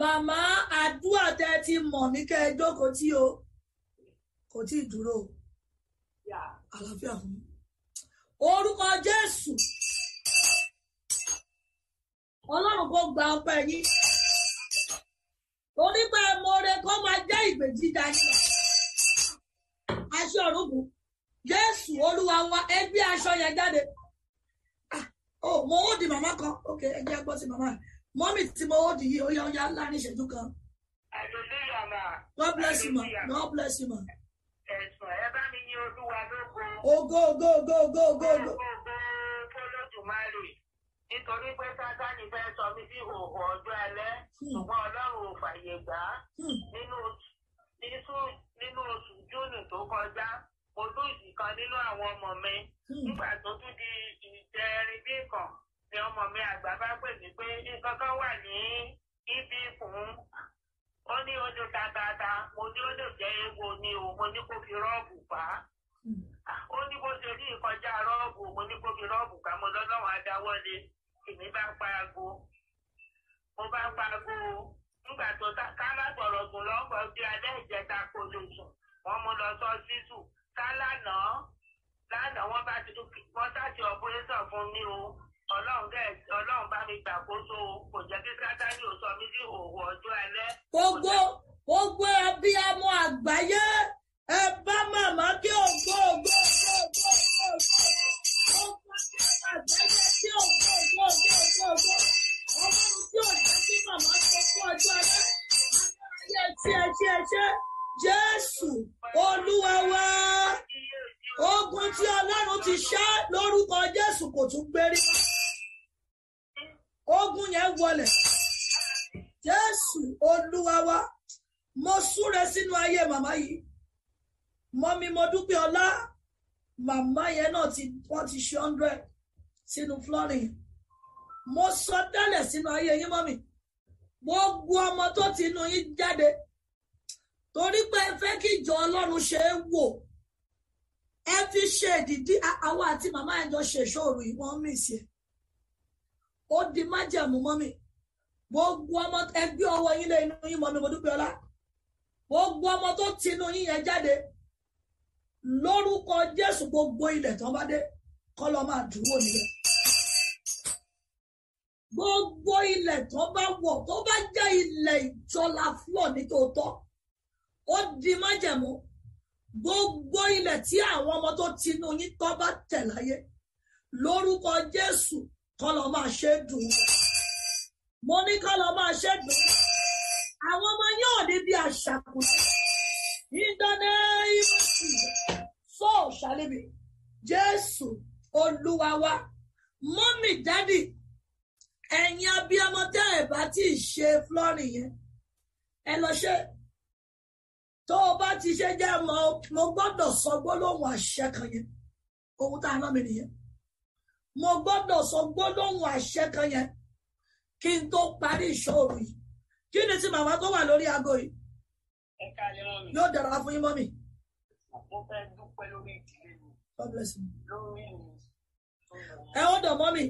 màmá àdúrà tẹ ti mọ̀ mí kẹ́ ẹ jókòó tí o kò tí ì dúró àlàáfíà fún mi orúkọ Jésù Ọlọ́run kò gba ọpẹ́ yín onígbà mọ̀ọ́rẹ́ kó máa jẹ́ ìgbèjì dání aṣọ òrùkùn Jésù Olúwa wa ẹ gbé aṣọ yẹn jáde ó mọ ó di màmá kan ok ẹ jẹ́ gbọ́ sí màmá rẹ̀ mọ́mì tí mo hold yìí ó yá ó yá láàrin ìṣẹ́jú kan. God bless you ma God bless you ma. ẹ̀sùn ẹ bá mi ní olúwa lógo. ògo ògo ògo ògo ògo ògo. fọlọ́dùmarè nítorí pé sátani fẹ́ sọ mí sí òhò ọjọ́ alẹ́ hmm. ṣùgbọ́n ọlọ́run ò fàyè gbà á hmm. nínú oṣù júnù tó kọjá mo lóòsì kan nínú àwọn ọmọ mi hmm. nígbà tó tún di ìjẹrin bí kan ni ọmọ mi àgbà bá pè mí pé nǹkan kan wà ní ibi fún ó ní odò tàtàtà mo ní odò jẹ́ egbò ni o mo ní kó fi rọ́ọ̀bù pa ó ní bó ṣe rí ìkọjá rọ́ọ̀bù mo ní kó fi rọ́ọ̀bù pa mo lọ́lọ́run adáwọ́lé èmi bá pa aago mo bá pa aago nígbà tó kálá gbọ̀rọ̀gùn lọ́gbọ̀ bí alẹ́ ìjẹta kò lè sùn wọ́n mú lọ sọ sísù kálá náà lánàá wọ́n bá ti wọ́n sáti ọ̀pọ̀lẹ́sọ̀ fún mi o ọlọ́run dẹ̀ ọlọ́run bá mi gbàkóso kò jẹ́ kí sátani ò sọ mí sí òwò ọjọ́ alẹ́. gbogbo gbogbo abiyamọ àgbáyé ẹ bá màmá kí o gbó gbó gbó gbó gbó gbó gbó àgbáyé kí o gbó gbó gbó gbó gbó ọlọ́run tí ò jẹ́ kí màmá sọ fún ọjọ́ alẹ́ ayé tí ẹ tí ẹ ṣe jésù olúwa wa ogun tí ọlọ́run ti ṣá lórúkọ jésù kò tún gbérí ogun yẹn wọlẹ̀ jésù olúwa wa mo súre sínú ayé màmá yìí mọ́mí mo dúpẹ́ ọlá màmá yẹn náà ti wọ́n ti ṣe hundred sínú flooring mo sọ dálẹ̀ sínú ayé yín mọ́mí gbogbo ọmọ tó ti inú yín jáde torí pé ẹ fẹ́ kí ìjọ ọlọ́run ṣe é wò ẹ fi ṣe ìdìdí àwa àti màmá ẹ̀jọ ṣèṣòro yìí wọ́n mí sí ẹ ó di májẹ̀mú mọ́ mi gbogbo ọmọ ẹgbẹ́ ọwọ́ yín lé inú yín mọ́ mi mo dúpẹ́ ọlá gbogbo ọmọ tó tinú yín yẹn jáde lórúkọ Jésù gbogbo ilẹ̀ tó bá dé kọ́ lọ́ máa dúró nílẹ̀ gbogbo ilẹ̀ tó bá wọ̀ tó bá jẹ́ ilẹ̀ ìjọla fúlọ̀ nítòótọ́ ó di májẹ̀mú gbogbo ilẹ̀ tí àwọn ọmọ tó tinú yín tó bá tẹ̀ láyé lórúkọ Jésù kọ́lọ́ máa ṣe dùn mo ní kọ́lọ́ máa ṣe dùn àwọn ọmọ yóò ní bí àṣàkùnrin in so shall it be Jésù Olúwa wa mọ́mì dádì ẹ̀yin abiyamọ tẹ́ ẹ̀ bá tí ì ṣe flọ́ọ̀rì yẹn ẹ lọ ṣe tó o bá ti ṣe jẹ́ mo gbọ́dọ̀ sọ gbólóhùn àṣẹ kan yẹn ohun tá a ná mi nìyẹn mo gbọ́dọ̀ sọ gbólóhùn àṣẹ kan yẹn kí n tó parí ìṣòro yìí kí ni ti màmá tó wà lórí aago yìí yóò dára fún yín mọ́mì. mo fẹ́ dúpẹ́ lórí ìdílé mi lórí mi. ẹ ó dọ̀ mọ́mì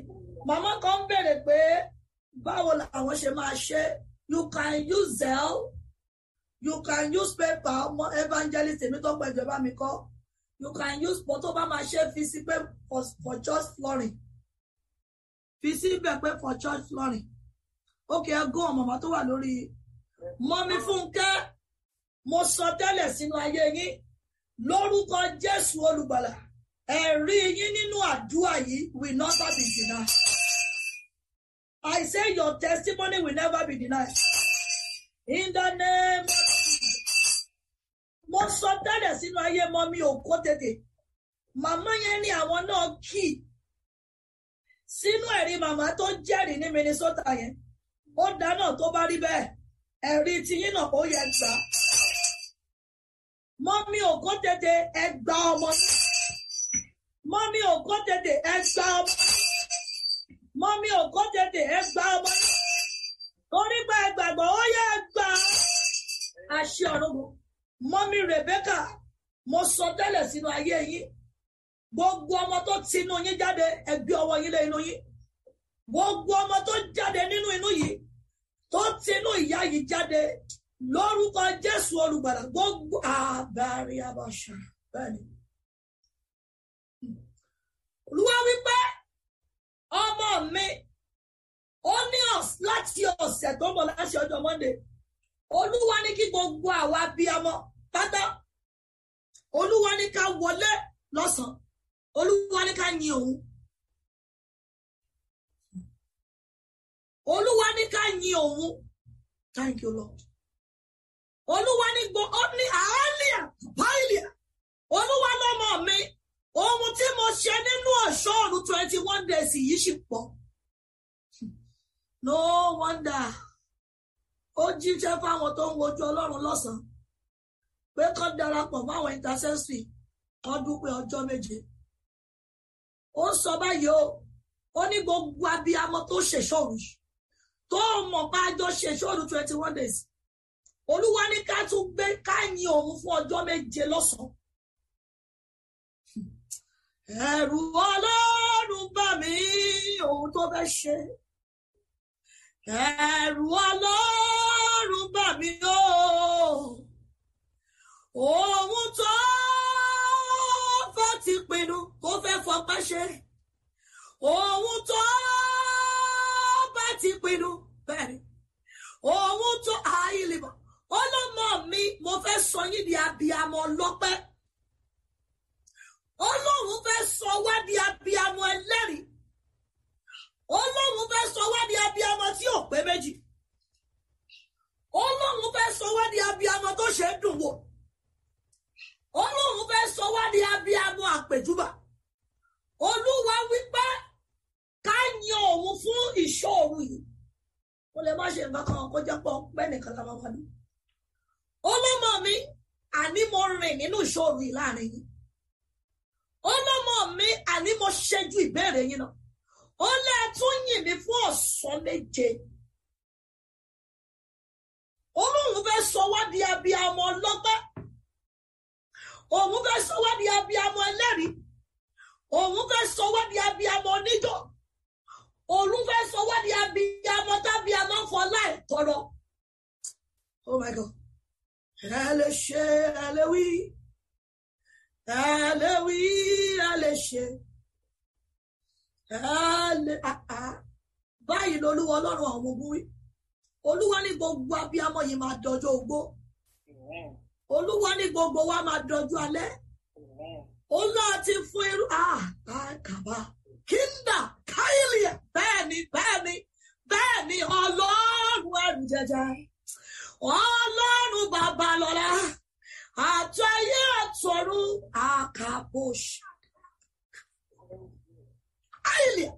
màmá kan ń pé báwo làwọn ṣe máa ṣe you can use Zelle you can use paper. ọmọ evangelist èmi tó ń gba ìjọba mi kọ́ you can use pọ̀ machine, bá máa fi sí pé for church flooring fi sí ibẹ̀ pé for church flooring Okay, ẹgún ọ̀mọ̀mọ́ tó wà lórí mọ́mí fúnkẹ́ mo sọ tẹ́lẹ̀ sínú ayé yín lórúkọ Jésù olùgbàlà ẹ̀rí yín nínú àdúrà yìí will not be denied. I say your testimony will never be denied. In the name of mo sọ tẹ́lẹ̀ sínú ayé mọ́ mi ò kó tètè màmá yẹn ní àwọn náà kì í sínú ẹ̀rí màmá tó jẹ́rìí ní Minnesota yẹn ó dáná tó bá rí bẹ́ẹ̀ ẹ̀rí tiyín náà ó yẹ gbà mọ́ mi ò kó tètè ẹ ọmọ mọ́ mi ò kó tètè ẹ ọmọ mọ́ mi ò kó tètè ẹ ọmọ torí pé ẹ ó yẹ gbà á ṣe ọ̀rọ̀ gbọ́ mọ́mí Rebecca mo sọ tẹ́lẹ̀ sínú ayé yín gbogbo ọmọ tó tinú yín jáde ẹgbẹ́ ọwọ́ yín lé inú yín gbogbo ọmọ tó jáde nínú inú yìí tó tinú ìyá yìí jáde lórúkọ Jésù olùgbàlà gbogbo àbárí abàṣà bẹ́ẹ̀ni. Olúwa wípé ọmọ mi ó ní láti ọ̀sẹ̀ tó ń bọ̀ láti ọjọ́ Monday Olúwa ní kí gbogbo àwa bí ọmọ pátá olúwa ní ká wọlé lọ́sàn-án olúwa ní ká yin òun olúwa ní ká yin òun thank you lord olúwa ní gbọ́ ó ní àálíà báìlíà olúwa lọ́mọ mi ohun tí mo ṣe nínú ọ̀ṣọ́ ọ̀run twenty one days yìí sì pọ̀ no wonder ó jíṣẹ́ fáwọn tó ń wojú ọlọ́run lọ́sàn-án pé kọ́ darapọ̀ fáwọn intercessory kọ́ dúpẹ́ ọjọ́ méje ó ń sọ báyìí o ó ní gbogbo abiyamọ tó ṣèṣọ́rù tó mọ̀ bá jọ ṣèṣọ́rù twenty one days olúwa ní ká tún gbé ká yin òun fún ọjọ́ méje lọ́sàn-án ẹ̀rù ọlọ́run bà mí òun tó fẹ́ ṣe ẹ̀rù ọlọ́run bà mí ooo. ṣe ohun tó bá ti pinnu bẹ́ẹ̀ ni ohun tó àìlèbọ̀ ọlọ́mọ mi mo fẹ́ sọ yín di abiyamọ ọlọ́pẹ́ ọlọ́run fẹ́ sọ wá di abiyamọ ẹlẹ́rìí ọlọ́run fẹ́ sọ wá di abiyamọ tí ò pé méjì ọlọ́run fẹ́ sọ wá di abiyamọ tó ṣe é dùn wò ọlọ́run fẹ́ sọ wá di abiyamọ àpèjúbà olúwa wípé ká yan òun fún ìṣòro yìí mo lè má ṣe nǹkan kan kó jẹ́ pọ̀ pẹ́ nìkan lábá wọlé ọlọ́mọ mi àní mo rìn nínú ìṣòro yìí láàrin yìí ọlọ́mọ mi àní mo ṣẹ́jú ìbéèrè yìí náà ó lẹ́ tún yìn mí fún ọ̀sán méje olóhùn fẹ́ sọ wá di abiyamọ ọlọ́gbọ́n òun fẹ́ sọ wá di abiyamọ ẹlẹ́rìí òun fẹ́ sọ wá di abiyamọ oníjọ òun fẹ́ sọ wá di abiyamọ tábíyamọ fọlá ìtọ́rọ. oh my god ẹ lè ṣe ẹ lè wí ẹ lè wí ẹ lè ṣe ẹ lè ah, ah. báyìí lolúwa ọlọ́run àwọn ogun wí olúwa ní gbogbo abiyamọ yìí máa dọjọ́ ogbó olúwa ní gbogbo wa máa dọjọ́ alẹ́ olóò ti fún irú àkàbà kíndà káìlìà bẹ́ẹ̀ ni bẹ́ẹ̀ ni bẹ́ẹ̀ ni ọlọ́run ẹrù jẹjẹ ọlọ́run bàbá lọ́la àtọ ayé àtọ̀run àkàbọ̀ṣà káìlìà.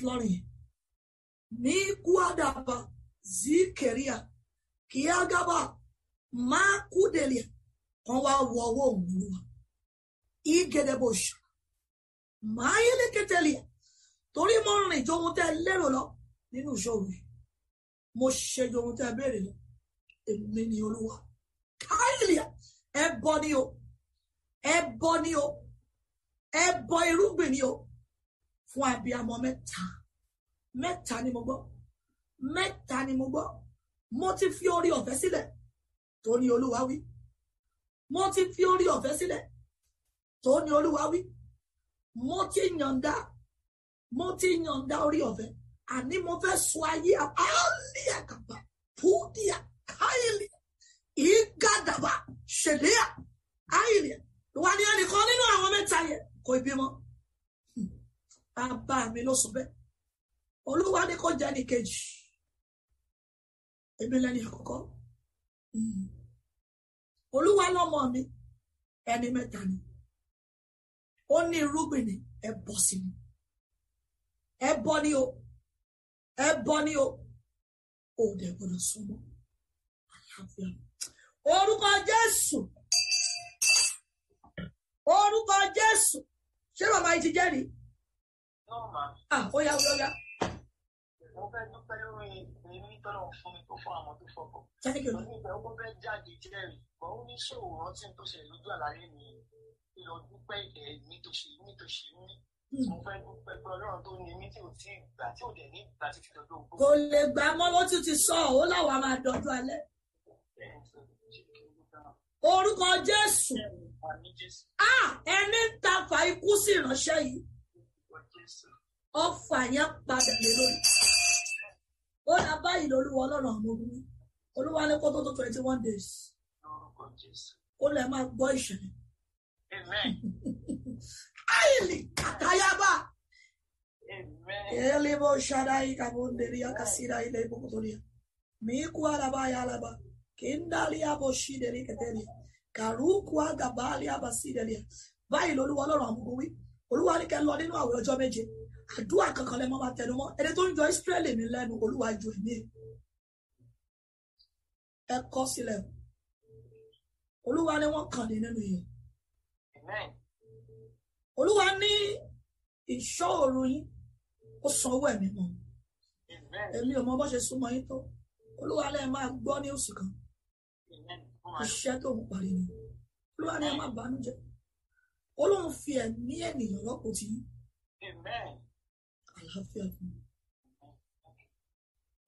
flooring ni kuadaba zikeria kí agaba máa kú délé kan wá wọ ọwọ́ òmùlúwa ìgẹ̀dẹ̀ bòṣù máa yẹlé kẹtẹlẹ torí mo rìn jọ ohun tẹ lérò lọ nínú ìṣòro mo ṣe jọ ohun tẹ béèrè lọ èmi ni olúwa káyìlì ẹbọ ni o ẹbọ ni o ẹbọ irúgbìn o fún abiyamọ mẹ́ta mẹ́ta ni mo gbọ́ mẹ́ta ni mo gbọ́ mo ti fi orí ọ̀fẹ́ sílẹ̀ tó ní olúwa wí mo ti fi orí ọ̀fẹ́ sílẹ̀ tó ní olúwa wí mo ti yànda mo ti yànda orí ọ̀fẹ́ àní mo fẹ́ sọ ayé àlẹ àkàbà púdìà káyìlì ìgàdàbà ṣẹlẹ̀ àìlẹ wà ní ẹnìkan nínú àwọn mẹ́ta yẹn kò bímọ. abá mi ló sùn bẹ́ẹ̀ olúwa ní kò jẹ́ ní kejì èmi lẹ́ni àkọ́kọ́ hmm. olúwa lọ́mọ mi ẹni mẹ́ta ni ó ní irúgbìn ni sí mi ní o ẹ bọ́ ní o ò dẹ̀ gbọ́dọ̀ súnmọ́ àlàáfíà orúkọ Jésù orúkọ Jésù ṣé màmá yìí ti jẹ́rìí. ah ó yá ó mo fẹ́ dúpẹ́ lórí èmi tọ́lọ̀ fún mi tó fún àwọn tó fọkọ̀. mo ní ìgbà ó fẹ́ jáde jẹ́rìí bọ́ ó ní ṣòwò rántí tó ṣe lójú àlàyé mi ìlọ dúpẹ́ ìdẹ̀ mi tó ṣe mí tó ṣe mí. mo fẹ́ dúpẹ́ pé ọlọ́run tó ní mí tí ò tí ì gbà tí ò dẹ̀ ní ìgbà títí dọ́dọ̀ ògbó. kò lè gbà mọ́ ó tún ti sọ ọ́ láwa máa dọ́jú alẹ́ orúkọ jésù ah, ẹni ń ta fa ikú sí ìránṣẹ́ yìí ọfà yẹn padà lé lórí ó dà báyìí lolúwa ọlọ́run àwọn ọmọ olúwa ní tó tó twenty one days ó lè máa gbọ́ ìṣẹ̀lẹ̀ ayeli katayaba ele bo shadai kabon deri akasira ile bo kotoria mi ku araba ya alaba kindali abo shideri keteria karu ku agabali abasidelia báyìí lolúwa ọlọ́run àwọn ọmọ olúwa ní kẹ́ lọ nínú àwẹ̀ ọjọ́ méje àdúrà kankan lẹ́mọ́ máa tẹnu mọ́ ẹni tó ń jọ ìsírẹ́lì mi lẹ́nu olúwa ju èmi ẹ kọ́ sílẹ̀ olúwa ni wọ́n kàn ní nínú yìí olúwa ní ìṣọ́ òru yín ó san owó ẹ̀mí mọ́ èmi ò mọ bó ṣe súnmọ́ yín tó olúwa lẹ́ẹ̀ máa gbọ́ ní oṣù kan iṣẹ́ tó ń parí ni olúwa ni ẹ má bànújẹ́ ó lóun fi ẹ̀mí ènìyàn rọ́pò tí. àlàáfíà kù.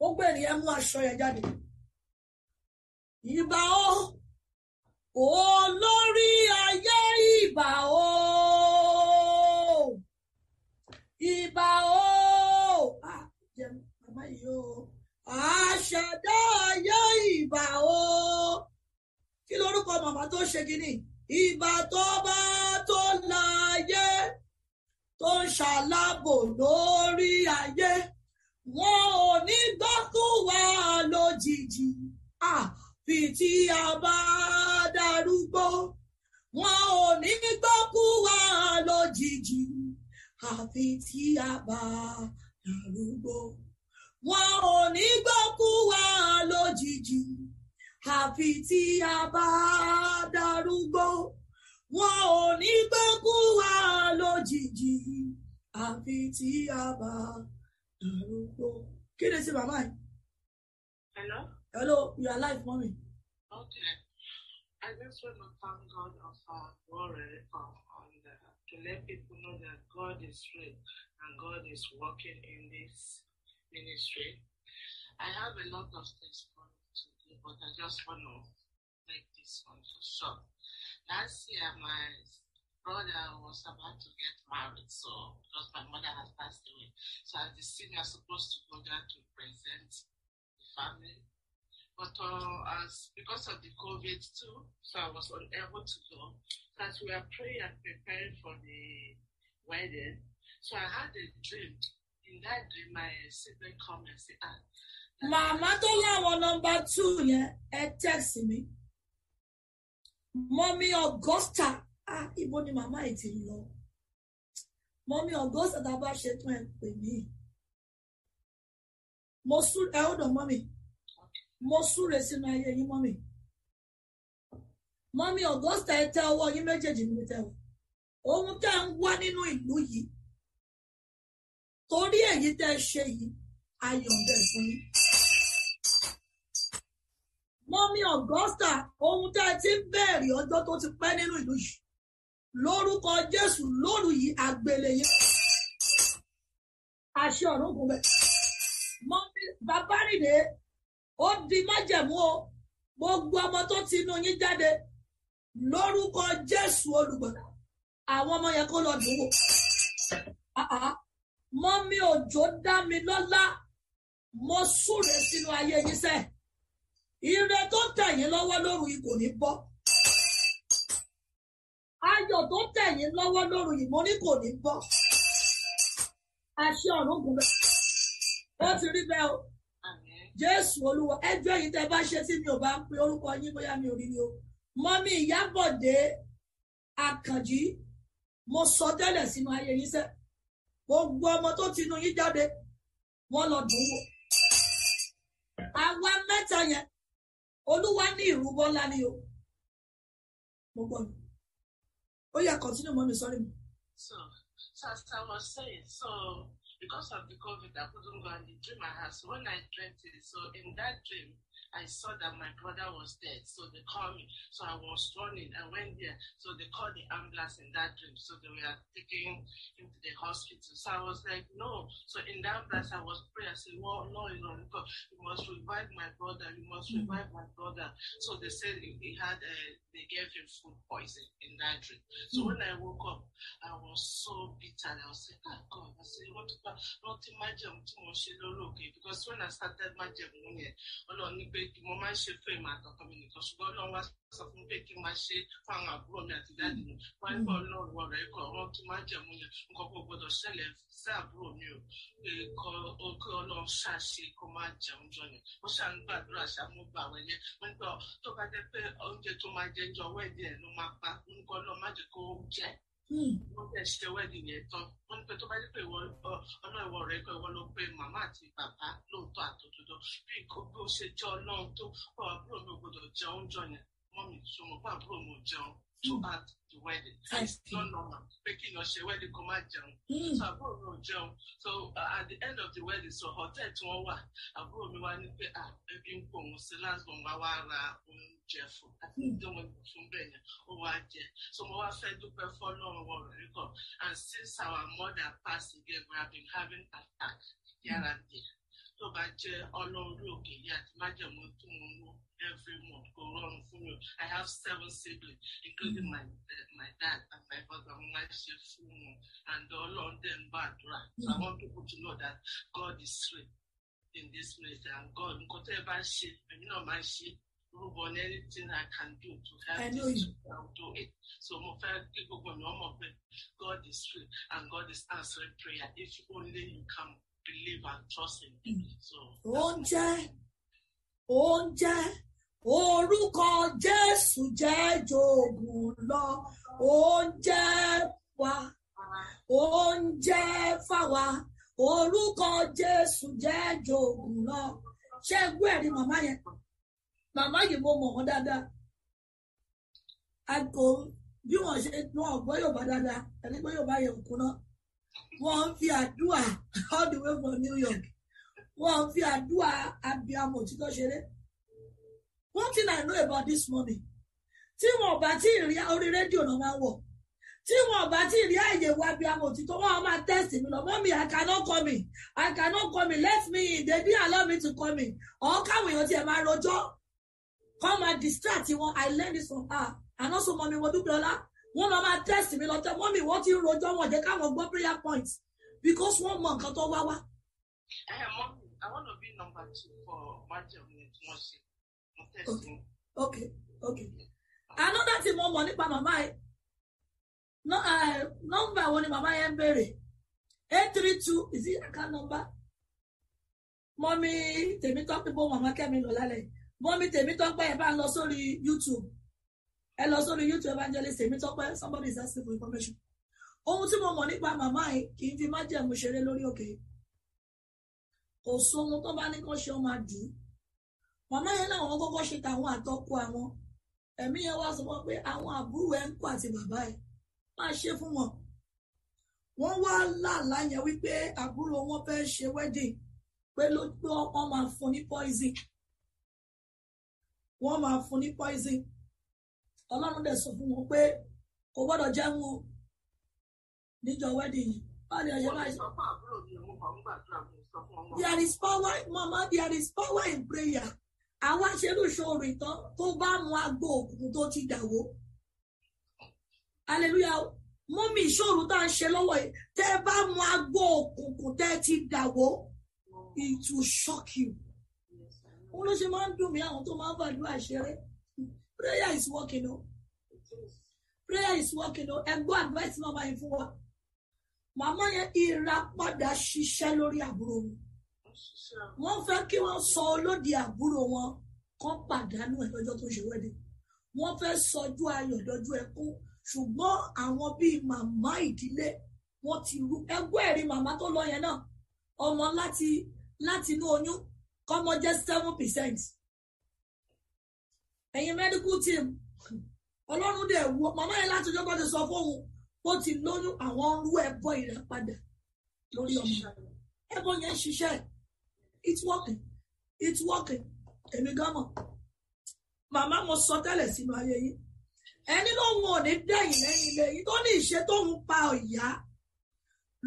ó gbé ènìyàn mú aṣọ yẹn jáde. ìbà o olórí ayé ìbà o ìbà o àṣàdá ayé ìbà o kí lorúkọ màmá tó ṣe kínní ìgbà tó bá tó láyé tó ń ṣàlábò lórí ayé wọn ò ní wa lójijì àfi tí a bá darúgbó wọn ò ní gbọ́kúwà lójijì àfi tí a bá darúgbó wọn ò ní gbọ́kúwà lójijì. àfi tí a bá darúgbó wọn ò ní gbọ́ kú wa lójijì àfi tí a bá darúgbó. kí ni gbo wa lojiji afi bàbá yìí. hello. hello you are live mommy. okay i just want to thank God of our glory for on the to let people know that God is real and God is working in this ministry. I have a lot of testimony but I just want to make this one for sure. Last year, my brother was about to get married, so because my mother has passed away. So as the senior supposed to go there to present the family. But uh, as because of the COVID too, so I was unable to go. as we were praying and preparing for the wedding, so I had a dream. In that dream, my sibling come and say, ah, Mama tó láwọn nọmba two yẹn ẹ tẹ́ẹ̀sì mi mọ́mí Augusta ah ibo ni Mama yìí ti lọ mọ́mí Augusta tá bá ṣe tán ẹ̀ pè mí mo sún ẹ ó dàn mọ́mí mo súre sínú ayé yín mọ́mí mọ́mí Augusta ẹ tẹ ọwọ́ yín méjèèjì ní tẹ o ohun tẹ́ ń wá nínú ìlú yìí torí èyí tẹ́ ṣe yìí ayọ̀ ń bẹ̀ fún yín. mọ́mí Augusta ohun tẹ́ ẹ ti ń bẹ̀rẹ̀ ọjọ́ tó ti pẹ́ nínú ìlú yìí lórúkọ Jésù lóru yìí àgbélẹ̀yẹ àṣẹ ọ̀run kò bẹ̀. mọ́mí bàbá rìnde ó di májẹ̀mú o gbogbo ọmọ tó ti inú yín jáde lórúkọ Jésù olùgbọ̀dà àwọn ọmọ yẹn kó lọ dùn wò. mọ́mí òjò dá mi lọ́lá mo súre sínú ayé yín sẹ́ẹ̀ ire tó tẹ̀ yín lọ́wọ́ lóru yìí kò ní bọ́ ayọ̀ tó tẹ̀ yín lọ́wọ́ lóru yìí mo ní kò ní bọ́ àṣẹ ọ̀run gùn bẹ́ẹ̀ ó ti rí bẹ́ẹ̀ o jésù olúwa ẹjọ́ yìí tẹ́ bá ṣe tí mi ò bá ń pe orúkọ yín bóyá mi ò rí ni o mọ́mí ìyábọ̀dé àkànjí mo sọ tẹ́lẹ̀ sínú ayé yín sẹ́ gbogbo ọmọ tó ti inú yín jáde wọ́n lọ dùn wò àwa mẹ́ta yẹn olúwa ní ìrúbọ ńlá ni o mo gbọ́ mi ó yá continue mọ́ mi sorry mi. So, so as I was saying, so because of the COVID, I couldn't go and dream my house. when I dreamt it, so in that dream, I saw that my brother was dead. So they called me. So I was running. I went there. So they called the ambulance in that dream. So they were taking him to the hospital. So I was like, no. So in that ambulance, I was praying. I said, well, no, you know, you must revive my brother. You must mm-hmm. revive my brother. So they said he had, uh, they gave him food poison in that dream. So mm-hmm. when I woke up, I was so bitter. I was like, oh, God, I said, what, what imagine too much? Because when I started my journey, all on pé kí mo máa ń ṣe fún ìmọ̀ àtọ̀tọ̀ mi nìkan ṣùgbọ́n ọlọ́run wá sọ fún mi pé kí n máa ṣe fún àwọn àbúrò mi àti dáàdì mi wọ́n á ní kọ́ ọlọ́run ọ̀rọ̀ ẹ̀kọ́ ọ̀rọ̀ tó máa ń jẹ̀mú yẹn nǹkan kó gbọ́dọ̀ ṣẹlẹ̀ sí àbúrò mi o ẹ̀kọ́ ọkọ ọlọ́run ṣàṣe kó máa jẹun jọ yẹn ó ṣà ń gbàdúrà ṣàmúgbà wẹ̀ yẹn wọ́n gbọ́ tó bá jẹ́ pé oúnjẹ tó máa jẹ jọ wẹ́ẹ̀dì ẹ̀ ló máa pa nǹkan ọlọ́run má jẹ́ kó jẹ́ wọ́n fẹ́ ṣe ọwọ́ ẹ̀dìyẹn tán wọ́n ní pé tó bá jẹ́ pé ọ̀nà ìwọ rẹ̀ pé ìwọ ló pe màmá àti bàbá lóòótọ́ àtòdodo bí bí ó ṣe jẹ́ ọlọ́run tó pọ̀ àbúrò mi ò gbọdọ̀ jẹ oúnjẹ yẹn mọ́mì tó mọ̀ pé àbúrò mi ò jẹun tó bá the wedding hmm. it's not normal pé kí n lọ kó má jẹun hmm. so àbúrò mi ò jẹun so uh, at the end of the wedding so hotel tí wọ́n wà àbúrò mi wá ní pé ah ebi ń jẹ fún àti ìdánwò ìbò fún bẹ́ẹ̀ yẹn ó wá jẹ so mo wá fẹ́ perform no more. yìí kọ and since our mother passed again we have been having attack here and there tó bá jẹ́ ọlọ́run òkè yìí àti májèmú tó ń mú every month kò rọrùn fún mi i have seven siblings including my my dad and my brother mo máa ṣe fún wọn and ọlọ́run dẹ̀ ń gbàdúrà so i want people to know that god is real in this place, and god nǹkan tẹ́ ẹ bá ṣe èmi náà máa ṣe I know you. i do it. So mo fẹ́ people gbogbo ènìyàn mọ̀ God is real and God is answering prayer if only you can believe and trust in him. Mm. So, ó ń jẹ́ ó ń jẹ́ orúkọ Jésù jẹ́ jòògùn lọ ó ń jẹ́ wa ó jẹ́ fáwa orúkọ Jésù jẹ́ jòògùn lọ ẹ̀rí màmá yẹn. màmá yìí mo mọ̀ wọ́n dáadáa àgọ́ bí wọ́n ṣe wọ́n gbọ́ Yorùbá dáadáa ẹni gbọ́ Yorùbá yẹn kúná wọ́n ń fi àdúà <laughs> all the way from New York wọ́n ń fi àdúà abiyamọ òtítọ́ ṣeré one thing I know about this money. tí wọn bá tí ì rí orí rédíò náà máa wọ̀ tí wọn bá tí ì rí àyè wá bí amò títọ́ wọn máa tẹ́sì mi lọ mọ́mí I cannot come in I cannot come in let me in they didn't allow me to come in ọ̀ọ́ káwọn èèyàn tiẹ̀ máa rojọ́ kọ́ máa distract wọn i learn this from her and also mọ̀mí wọ́n dúpẹ́ ọlá wọ́n máa máa test mi lọ́jọ́ mọ́mí wọ́n ti ń rojọ́ wọn jẹ́ káwọn gbọ́ prayer point because wọ́n mọ nǹkan tó wá wá. ẹ eh, ẹ i wan to be number two for margin ní tí wọ́n ṣe mo test mi. okay okay another thing mo mọ̀ nípa màmá ẹ nọ́mbà eh, wo ni màmá yẹn ń béèrè eight three two is it account number mọ́mí tèmi tọ́ pé bó màmá kẹ́mi lọ lálẹ́ yìí. Bọ́mi Tèmítọ́pẹ́ ẹ bá ń lọ sórí YouTube ẹ lọ sórí YouTube evangelist Tèmítọ́pẹ́ somebody is asking for information. Ohun tí mo mọ̀ nípa màmá yìí kì í fi májẹ̀mú ṣeré lórí òkè. Kò sí ohun tó bá ní kán ṣe ọmọ àdì. Màmá yẹn láwọn kọ́kọ́ ṣe tàwọn àtọ́kọ àwọn. Ẹ̀mí yẹn wá sọ pé àwọn àbúrò ẹ̀ ń kọ́ àti bàbá ẹ̀ máa ṣe fún wọn. Wọ́n wá láàlá yẹn wípé àbúrò wọn fẹ́ ṣe wedding pé ló gbọ́ wọn máa fún ní poison wọ́n máa fún ní poison ọlọ́run dẹ̀ sọ fún wọn pé kò gbọ́dọ̀ jẹun o níjọ wedding yìí báyìí ọ̀yẹ́ máa ṣe. there is power mama there is power in prayer àwa ṣerú ìṣòro ìtàn tó bá mu agbo òkùnkùn tó ti dàwó hallelujah mọ́mí ìṣòro tá a ń ṣe lọ́wọ́ yìí tẹ́ bá mu agbo òkùnkùn tẹ́ ti dàwó it will shock you òun ló ṣe máa ń dùn mí àwọn tó máa ń fàdúrà ṣeré prayer is working o prayer is working o ẹgbọ́n advice náà máa ń fún wa màmá yẹn ìràpadà ṣiṣẹ́ lórí àbúrò mi wọ́n fẹ́ kí wọ́n sọ olódi àbúrò wọn kán pàdánù ẹ̀ lọ́jọ́ tó ṣe wẹ́dẹ̀ wọ́n fẹ́ sọjú ayọ̀ lọ́jú ẹkún ṣùgbọ́n àwọn bíi màmá ìdílé wọ́n ti rú ẹgbẹ́ ẹ̀rí màmá tó lọ yẹn náà ọmọ láti láti inú oyún kọ́mọ jẹ́ seven percent ẹ̀yin medical team ọlọ́run dẹ̀ wo màmá yẹn láti ọjọ́ gbọ́dọ̀ sọ fóun bó ti lóyún àwọn rú ẹbọ ìrẹ padà lórí ọmọ ẹbọ yẹn ṣiṣẹ́ it's working it's working èmi gan mọ̀ màmá mo sọ tẹ́lẹ̀ sínú ayé yìí ẹni lóun ò ní dẹ́yìn lẹ́yìn ilé yìí tó ní ìṣe tóun pa ọ̀yá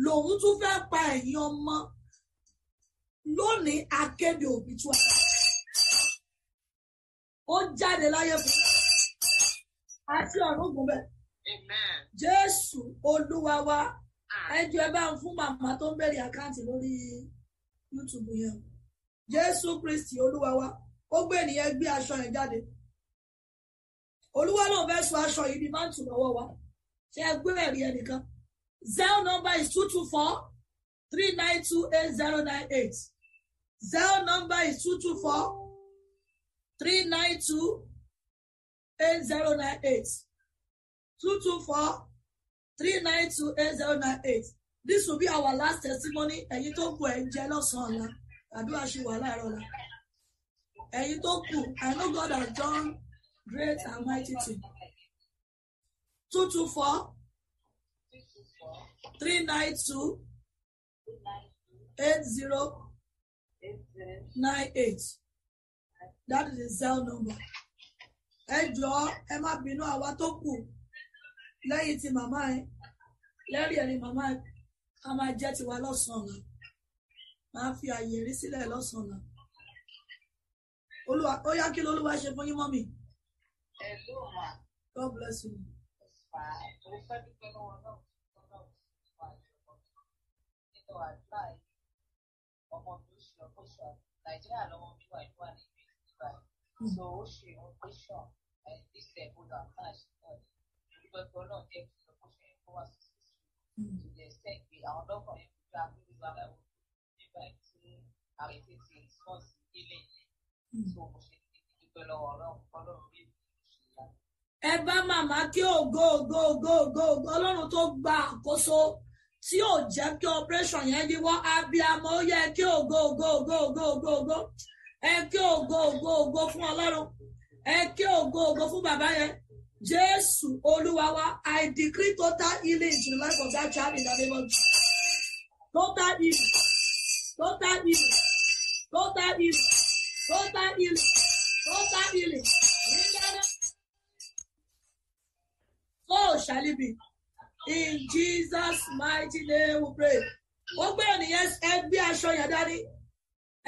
lòun tún fẹ́ pa ẹ̀yìn ọmọ lónìí akéde obituary ó jáde láyé fún àti ọ̀run gùn bẹ́ẹ̀ jésù olúwa wa ah. ẹjọ́ ẹ bá ń fún màmá tó ń bẹ̀rẹ̀ àkáǹtì lórí youtube yẹn jésù kristi olúwa wa ó gbé ènìyàn gbé aṣọ yẹn jáde olúwa náà fẹ́ sọ aṣọ yìí ní máǹtì lọ́wọ́ wa ṣe é gbé ẹ̀rí ẹnìkan zero number is two two four three nine two eight zero nine eight. Zell number is 224 392 8098. 224 392 8098. This will be our last testimony. Ẹ̀yin tó kù ẹ̀ ń jẹ lọ́sàn-án ọ̀la. Àdúrà ṣe wà láàárọ̀ tó kù, I know God has done great and mighty thing. 224 392 8098. nine eight that is the cell number ẹ jọ̀ọ́ ẹ má bínú àwa tó kù lẹ́yìn tí màmá ẹ lẹ́rìí ẹ̀rín màmá ẹ a máa jẹ́ tiwa lọ́sàn-án máa fi àyè rí sílẹ̀ lọ́sàn-án olúwa ó yá kí lolúwa ṣe fún yín mọ́mì. ẹ ma. God bless you. Ó your question nàìjíríà lọ́wọ́ bí wà ìlú wà ní ìlú ìgbà so ó ṣe question and this level of cash náà ni olùgbọ́ ẹgbẹ́ náà jẹ́ kí your question yẹn kó wá sí sísun to the extent pé àwọn dọ́kàn yẹn kúrò àgbélé wa láwọn nígbà tí àwọn ètò ti response délé yẹn so mo ṣe ní ìdúpẹ́ lọ́wọ́ ọlọ́run kọ́lọ́run rí ẹ bá màmá kí ògo ògo ògo ògo ọlọ́run tó gba àkóso tí ò jẹ́ kí operation yẹn yíwọ́ abiamọ ó yẹ kí go ògo ògo ògo ògo go, ẹ kí ògo ògo ògo fún ọlọ́run ẹ kí ògo ògo fún bàbá yẹn jésù olúwa i decree total healing in the life of that child in the name of jesus total healing total healing total healing total healing total healing so shall it be. In Jesus' mighty name we pray. Ó gbé ènìyàn ẹgbẹ́ aṣọ yẹn dání.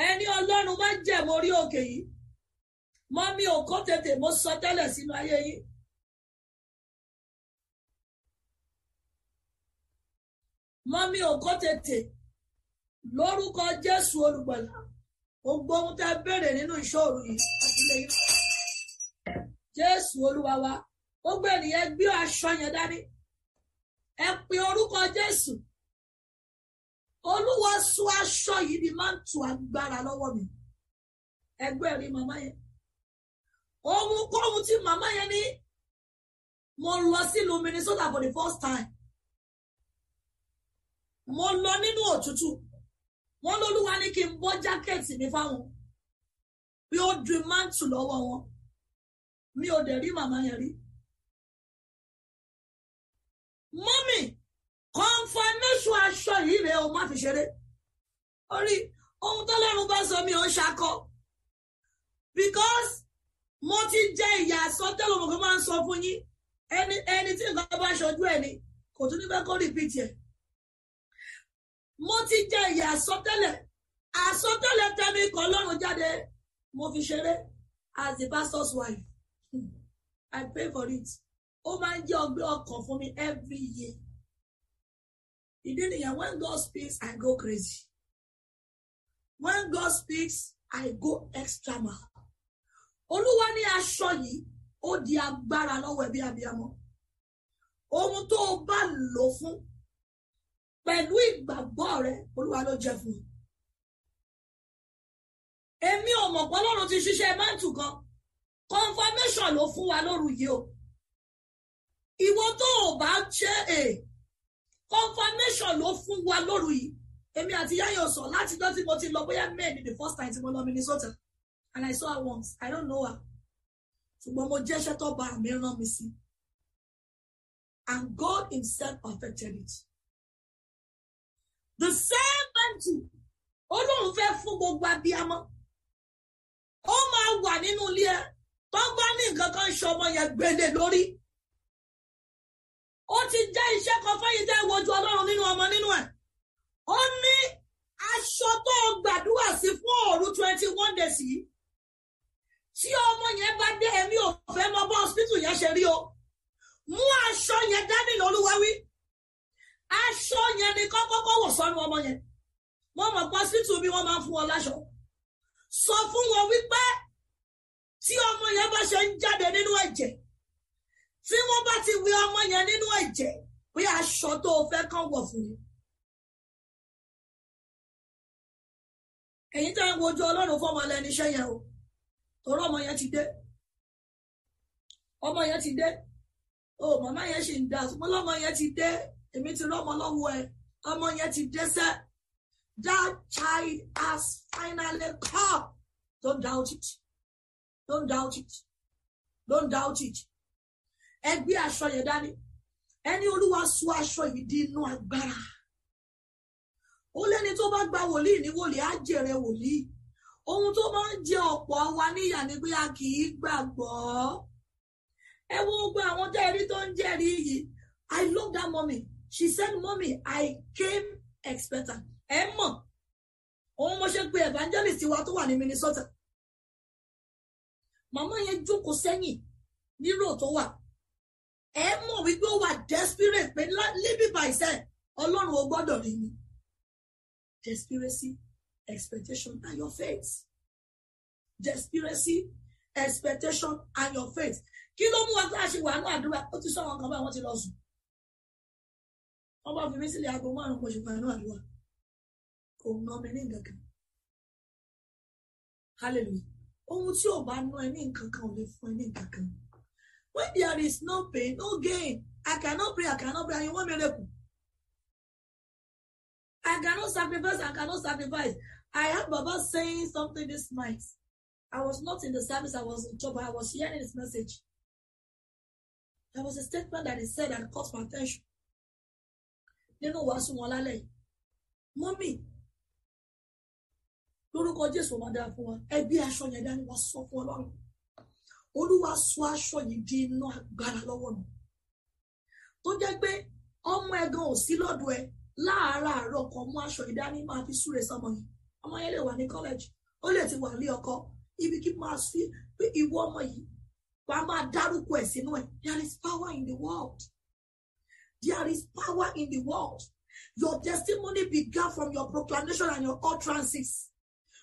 Ẹni Ọlọ́run máa orí òkè yìí. Mọ́ mi ò tètè mo sọ tẹ́lẹ̀ sínú ayé yìí. Mọ́ mi ò kó tètè lórúkọ Jésù olùgbàlà. Gbogbo ohun nínú ìṣòro yìí ó gbé ẹ pe orúkọ jésù olúwa sọ aṣọ yìí ni máa ń tu agbára lọ́wọ́ mi ẹgbẹ́ rí màmá yẹn ohun kóhun tí màmá yẹn ní mo lọ sílùú Minnesota for the first time mo lọ nínú òtútù wọ́n lólúwa ní kí n bọ́ jákẹ́ẹ̀tì mi fáwọn bí ó di máǹtù lọ́wọ́ wọn mi ò dẹ̀ rí màmá yẹn rí mọ́mì confirmation aṣọ yìí rẹ̀ o má fi ṣeré orí ohun tó lọ́run bá sọ mi ò ń ṣakọ because mo ti jẹ ìyà sọtẹ́lù mo kàn máa ń sọ fún yín ẹni ẹni tí nǹkan bá ṣojú ẹ ni kò tún ní fẹ́ kó repeat ẹ̀ mo ti jẹ ìyà sọtẹ́lẹ̀ àsọtẹ́lẹ̀ tẹ̀mí kan lọ́run jáde mo fi ṣeré as the pastor's wife hmm, I pray for it ó máa ń jẹ́ ọgbẹ́ ọkàn fún mi every year ìdí nìyẹn when God speaks I go crazy when God speaks I go extra mile olúwa ní aṣọ yìí ó di agbára lọ́wọ́ ẹbí abiyamọ ohun tó o bá lò fún pẹ̀lú ìgbàgbọ́ rẹ olúwa ló jẹ́ fún un èmi ò mọ̀ pé ọlọ́run ti ṣiṣẹ́ mẹ́ǹtù kan confirmation ló fún wa lóru yìí o ìwọ tó o bá ṣe é confirmation ló fún wa lóru yìí èmi àti yáyọ sọ láti jọ tí mo ti lọ bóyá men ni the first time tí mo lọ Minnesota and I saw her once I don't know her ṣùgbọ́n mo jẹ́ iṣẹ́ tó ba àmì rán mi sí and God himself perfected it the same mantle olóhùn fẹ́ fún gbogbo abiyamọ ó máa wà nínú ilé ẹ tó bá ní nǹkan kan ṣe ọmọ yẹn gbélé lórí ó ti jẹ́ iṣẹ́ kan fẹ́yìn tẹ́ wojú ọlọ́run nínú ọmọ nínú ẹ̀ ó ní aṣọ tó gbàdúrà sí fún òru twenty one days yìí tí ọmọ yẹn bá dé ẹ̀mí ò fẹ́ mọ bọ́ hospital yẹn ṣe rí o mú aṣọ yẹn dání lọ́lúwa wí aṣọ yẹn ni kọ́kọ́kọ́ wò sọ́nu ọmọ yẹn wọ́n mọ̀ pọ́ hospital bí wọ́n máa ń fún ọ láṣọ sọ fún wọn wípé tí ọmọ yẹn bá ṣe ń jáde nínú ẹ̀jẹ̀ tí wọ́n bá ti wí ọmọ yẹn nínú ẹ̀jẹ̀ bí aṣọ tó o fẹ́ kàn wọ̀ fún yín. Èyí tẹ́ ń wojú ọlọ́run fọmọ lẹ́nu iṣẹ́ yẹn o torí ọmọ yẹn ti dé ọmọ yẹn ti dé o màmá yẹn ṣì ń da ṣùgbọ́n lọ́mọ yẹn ti dé èmi ti rọ́mọ lọ́wọ́ ẹ ọmọ yẹn ti dé sẹ́ that child has finally come don't doubt it don't doubt it don't doubt it. ẹ gbé aṣọ yẹn dání ẹni olúwa sọ aṣọ yìí di inú agbára ó lẹ́ni tó bá gba wòlíì ní wòlíì á jèrè wòlíì ohun tó máa ń jẹ ọ̀pọ̀ wa níyà ni pé a kì í gbàgbọ́ ẹ wo gbogbo àwọn jẹ́rìí tó ń jẹ́rìí yìí I love that mommy she said mommy I came expectant ẹ mọ̀ òun mo ṣe pé evangelist wa tó wà ní Minnesota màmá yẹn jókòó sẹ́yìn nílò tó wà ẹ mọ̀ wípé ó wà desperate pé living by self ọlọ́run ò gbọ́dọ̀ rí mi Desperacy expectation and your faith Desperacy expectation and your faith kí ló mú wa tó àṣẹ wà ní àdúrà ó ti sọ àwọn kan báyìí wọ́n ti lọ sùn wọ́n bá fi mí sílẹ̀ aago márùn kò ṣùgbọ́n àánú àdúrà kò ná mi ní nǹkan kan hallelujah ohun tí ò bá ná ẹ ní nǹkan kan ò lè fún ẹ ní nǹkan kan. When there is no pain, no gain. I cannot pray, I cannot pray, and you want miracle. I cannot sacrifice, I cannot sacrifice. I heard Baba saying something this night. I was not in the service, I was in job, but I was hearing his message. There was a statement that he said that caught my attention. Nínú wàásù wọn lálẹ́ yìí, mọ́mì lórúkọ Jésù máa dára fún wa, ẹbí aṣọ yẹn dání wá sọ fún Ọlọ́run olúwa sọ aṣọ yìí di iná agbára lọ́wọ́ mi tó jẹ́ pé ọmọ ẹ gan ò sí lọ́dọ̀ ẹ láàárọ̀ àárọ̀ kan mú aṣọ ìdání máa fi súre sọmọ yìí ọmọ yẹn lè wà ní kọ́lẹ́jì ó lè ti wà ní ọkọ ibi kí máa fi pé ìwọ ọmọ yìí wàá máa dárúkọ ẹ̀ sínú ẹ̀ there is power in the world there is power in the world your testimony began from your proclamation and your utterances.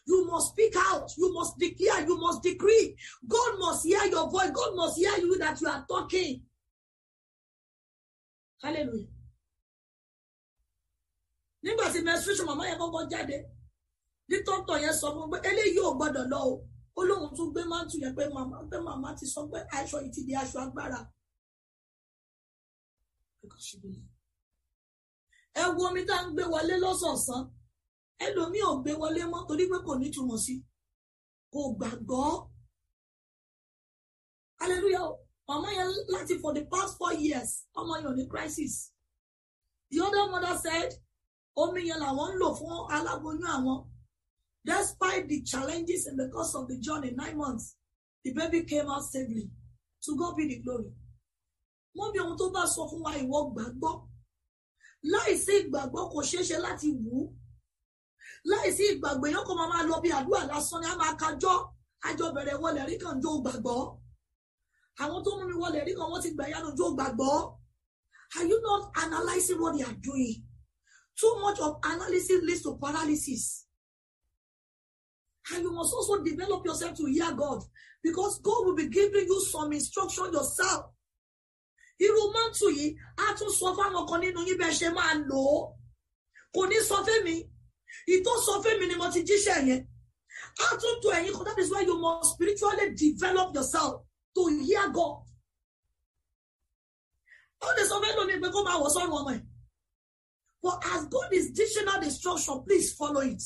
You must speak out. You must declare. You must decree. God must hear your voice. God must hear you that you are talking. Hallelujah. Nígbà tí menstruation màmá yẹn kọ́kọ́ jáde, ní tọ́tọ̀ yẹn sọ fún pé eléyìí ò gbọ́dọ̀ lọ o. Ó lóun tún gbé máńtù yẹn pé màmá pé màmá ti sọ pé aṣọ yìí ti di aṣọ agbára. Ẹ wo omi tá à ń gbé wọlé lọ́sọ̀ọ̀sán ẹlòmíì ò gbé wọlé mọ́ torí pé kò nítumọ̀ sí kò gbàgbọ́ hallelujah ọmọ yẹn láti for the past four years ọmọ yẹn ò ní crisis the other mother said omi yẹn làwọn ń lò fún aláboyún àwọn despite the challenges in the course of the journey nine months the baby came out safely to God be the glory wọ́n bí ohun tó bá sọ fún wa ìwọ gbàgbọ́ láìsí ìgbàgbọ́ kò ṣeé láti wù ú láìsí ìgbàgbọ́ èèyàn kò máa máa lọ bí àdúrà lásán ni a máa kájọ́ àjọ bẹ̀rẹ̀ wọlé rí kan jó gbàgbọ́ àwọn tó mú mi wọlé rí kan wọ́n ti gbà yánu jó gbàgbọ́ are you not analysing what they are doing too much of analysis leads to paralysis and you must also develop yourself to hear God because God will be giving you some instruction yourself irú mọ́tò yìí á tún sọ fáwọn kan nínú yín bẹ́ẹ̀ ṣe máa lò ó kò ní sọ fẹ́mi ìtò sọ fẹ́mi ni mo ti tó that is why you must spiritually develop yourself to hear God ó but as God is teaching out instruction please follow it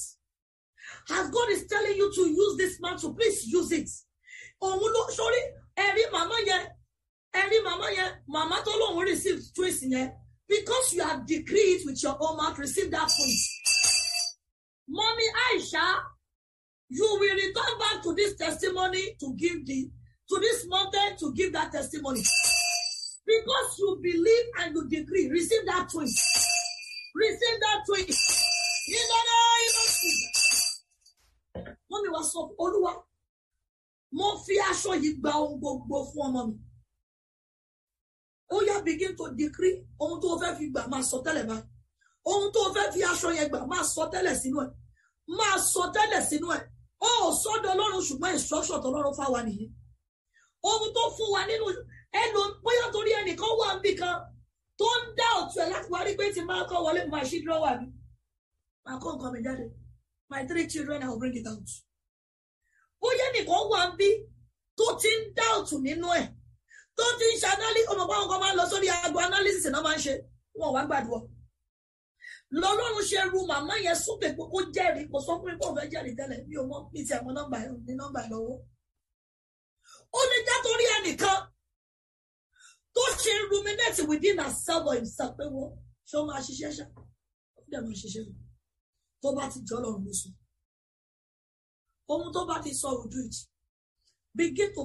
as God is telling you to use this mantle please use it Oh, ló every màmá yeah, every màmá yeah, màmá tó lóun receive twins yẹn because you have decreed with your own mouth receive that point. Mommy Aisha, you will return back to this testimony to give the to this mountain to give that testimony. Because you believe and you decree, receive that twin. Receive that twin. In the name of Jesus. Mọ́mi wá sọ Olúwa, mo fi aṣọ yìí gba ohun gbogbo fún ọmọ mi. Ó begin to decree ohun tó fẹ́ fi gbà máa sọ tẹ́lẹ̀ báyìí ohun tó fẹ́ fi aṣọ yẹn gbà máa sọ tẹ́lẹ̀ sínú ẹ̀ máa sọ tẹ́lẹ̀ sínú ẹ̀ ó sọ́dọ̀ ọlọ́run ṣùgbọ́n instruction tọlọ́run fáwa nìyí ohun tó fún wa nínú ẹnu bóyá torí ẹnìkan wà níbi kan tó ń dá ọ̀tún ẹ̀ láti wá rí pé ti máa kọ́ wọlé máa ṣí dúrọ́wà mi máa kó nǹkan mi jáde my three children I will bring it out bóyá nìkan wà níbi tó ti ń dá ọ̀tún nínú ẹ̀ tó ti ń ṣe analysis ọmọ báwọn kan máa ń lọ sórí aago analysis náà máa ń ṣe wọn ò wá gbàdúrà lọ́lọ́run ṣe ru màmá yẹn súnpè pé kó jẹ́rìí kò sọ pé kò fẹ́ jẹ́rìí tẹ́lẹ̀ mi ò mọ mi ti àwọn nọ́mbà ní nọ́mbà lọ́wọ́ ó ní játorí ẹnìkan tó ṣe ruminate within herself or himself pé wọ́n ṣé ó máa ṣiṣẹ́ ṣá ó dẹ̀ máa ṣiṣẹ́ rẹ̀ tó bá ti jọ lọ́run ló sọ ohun tó bá ti sọ ojú ìjì begin to.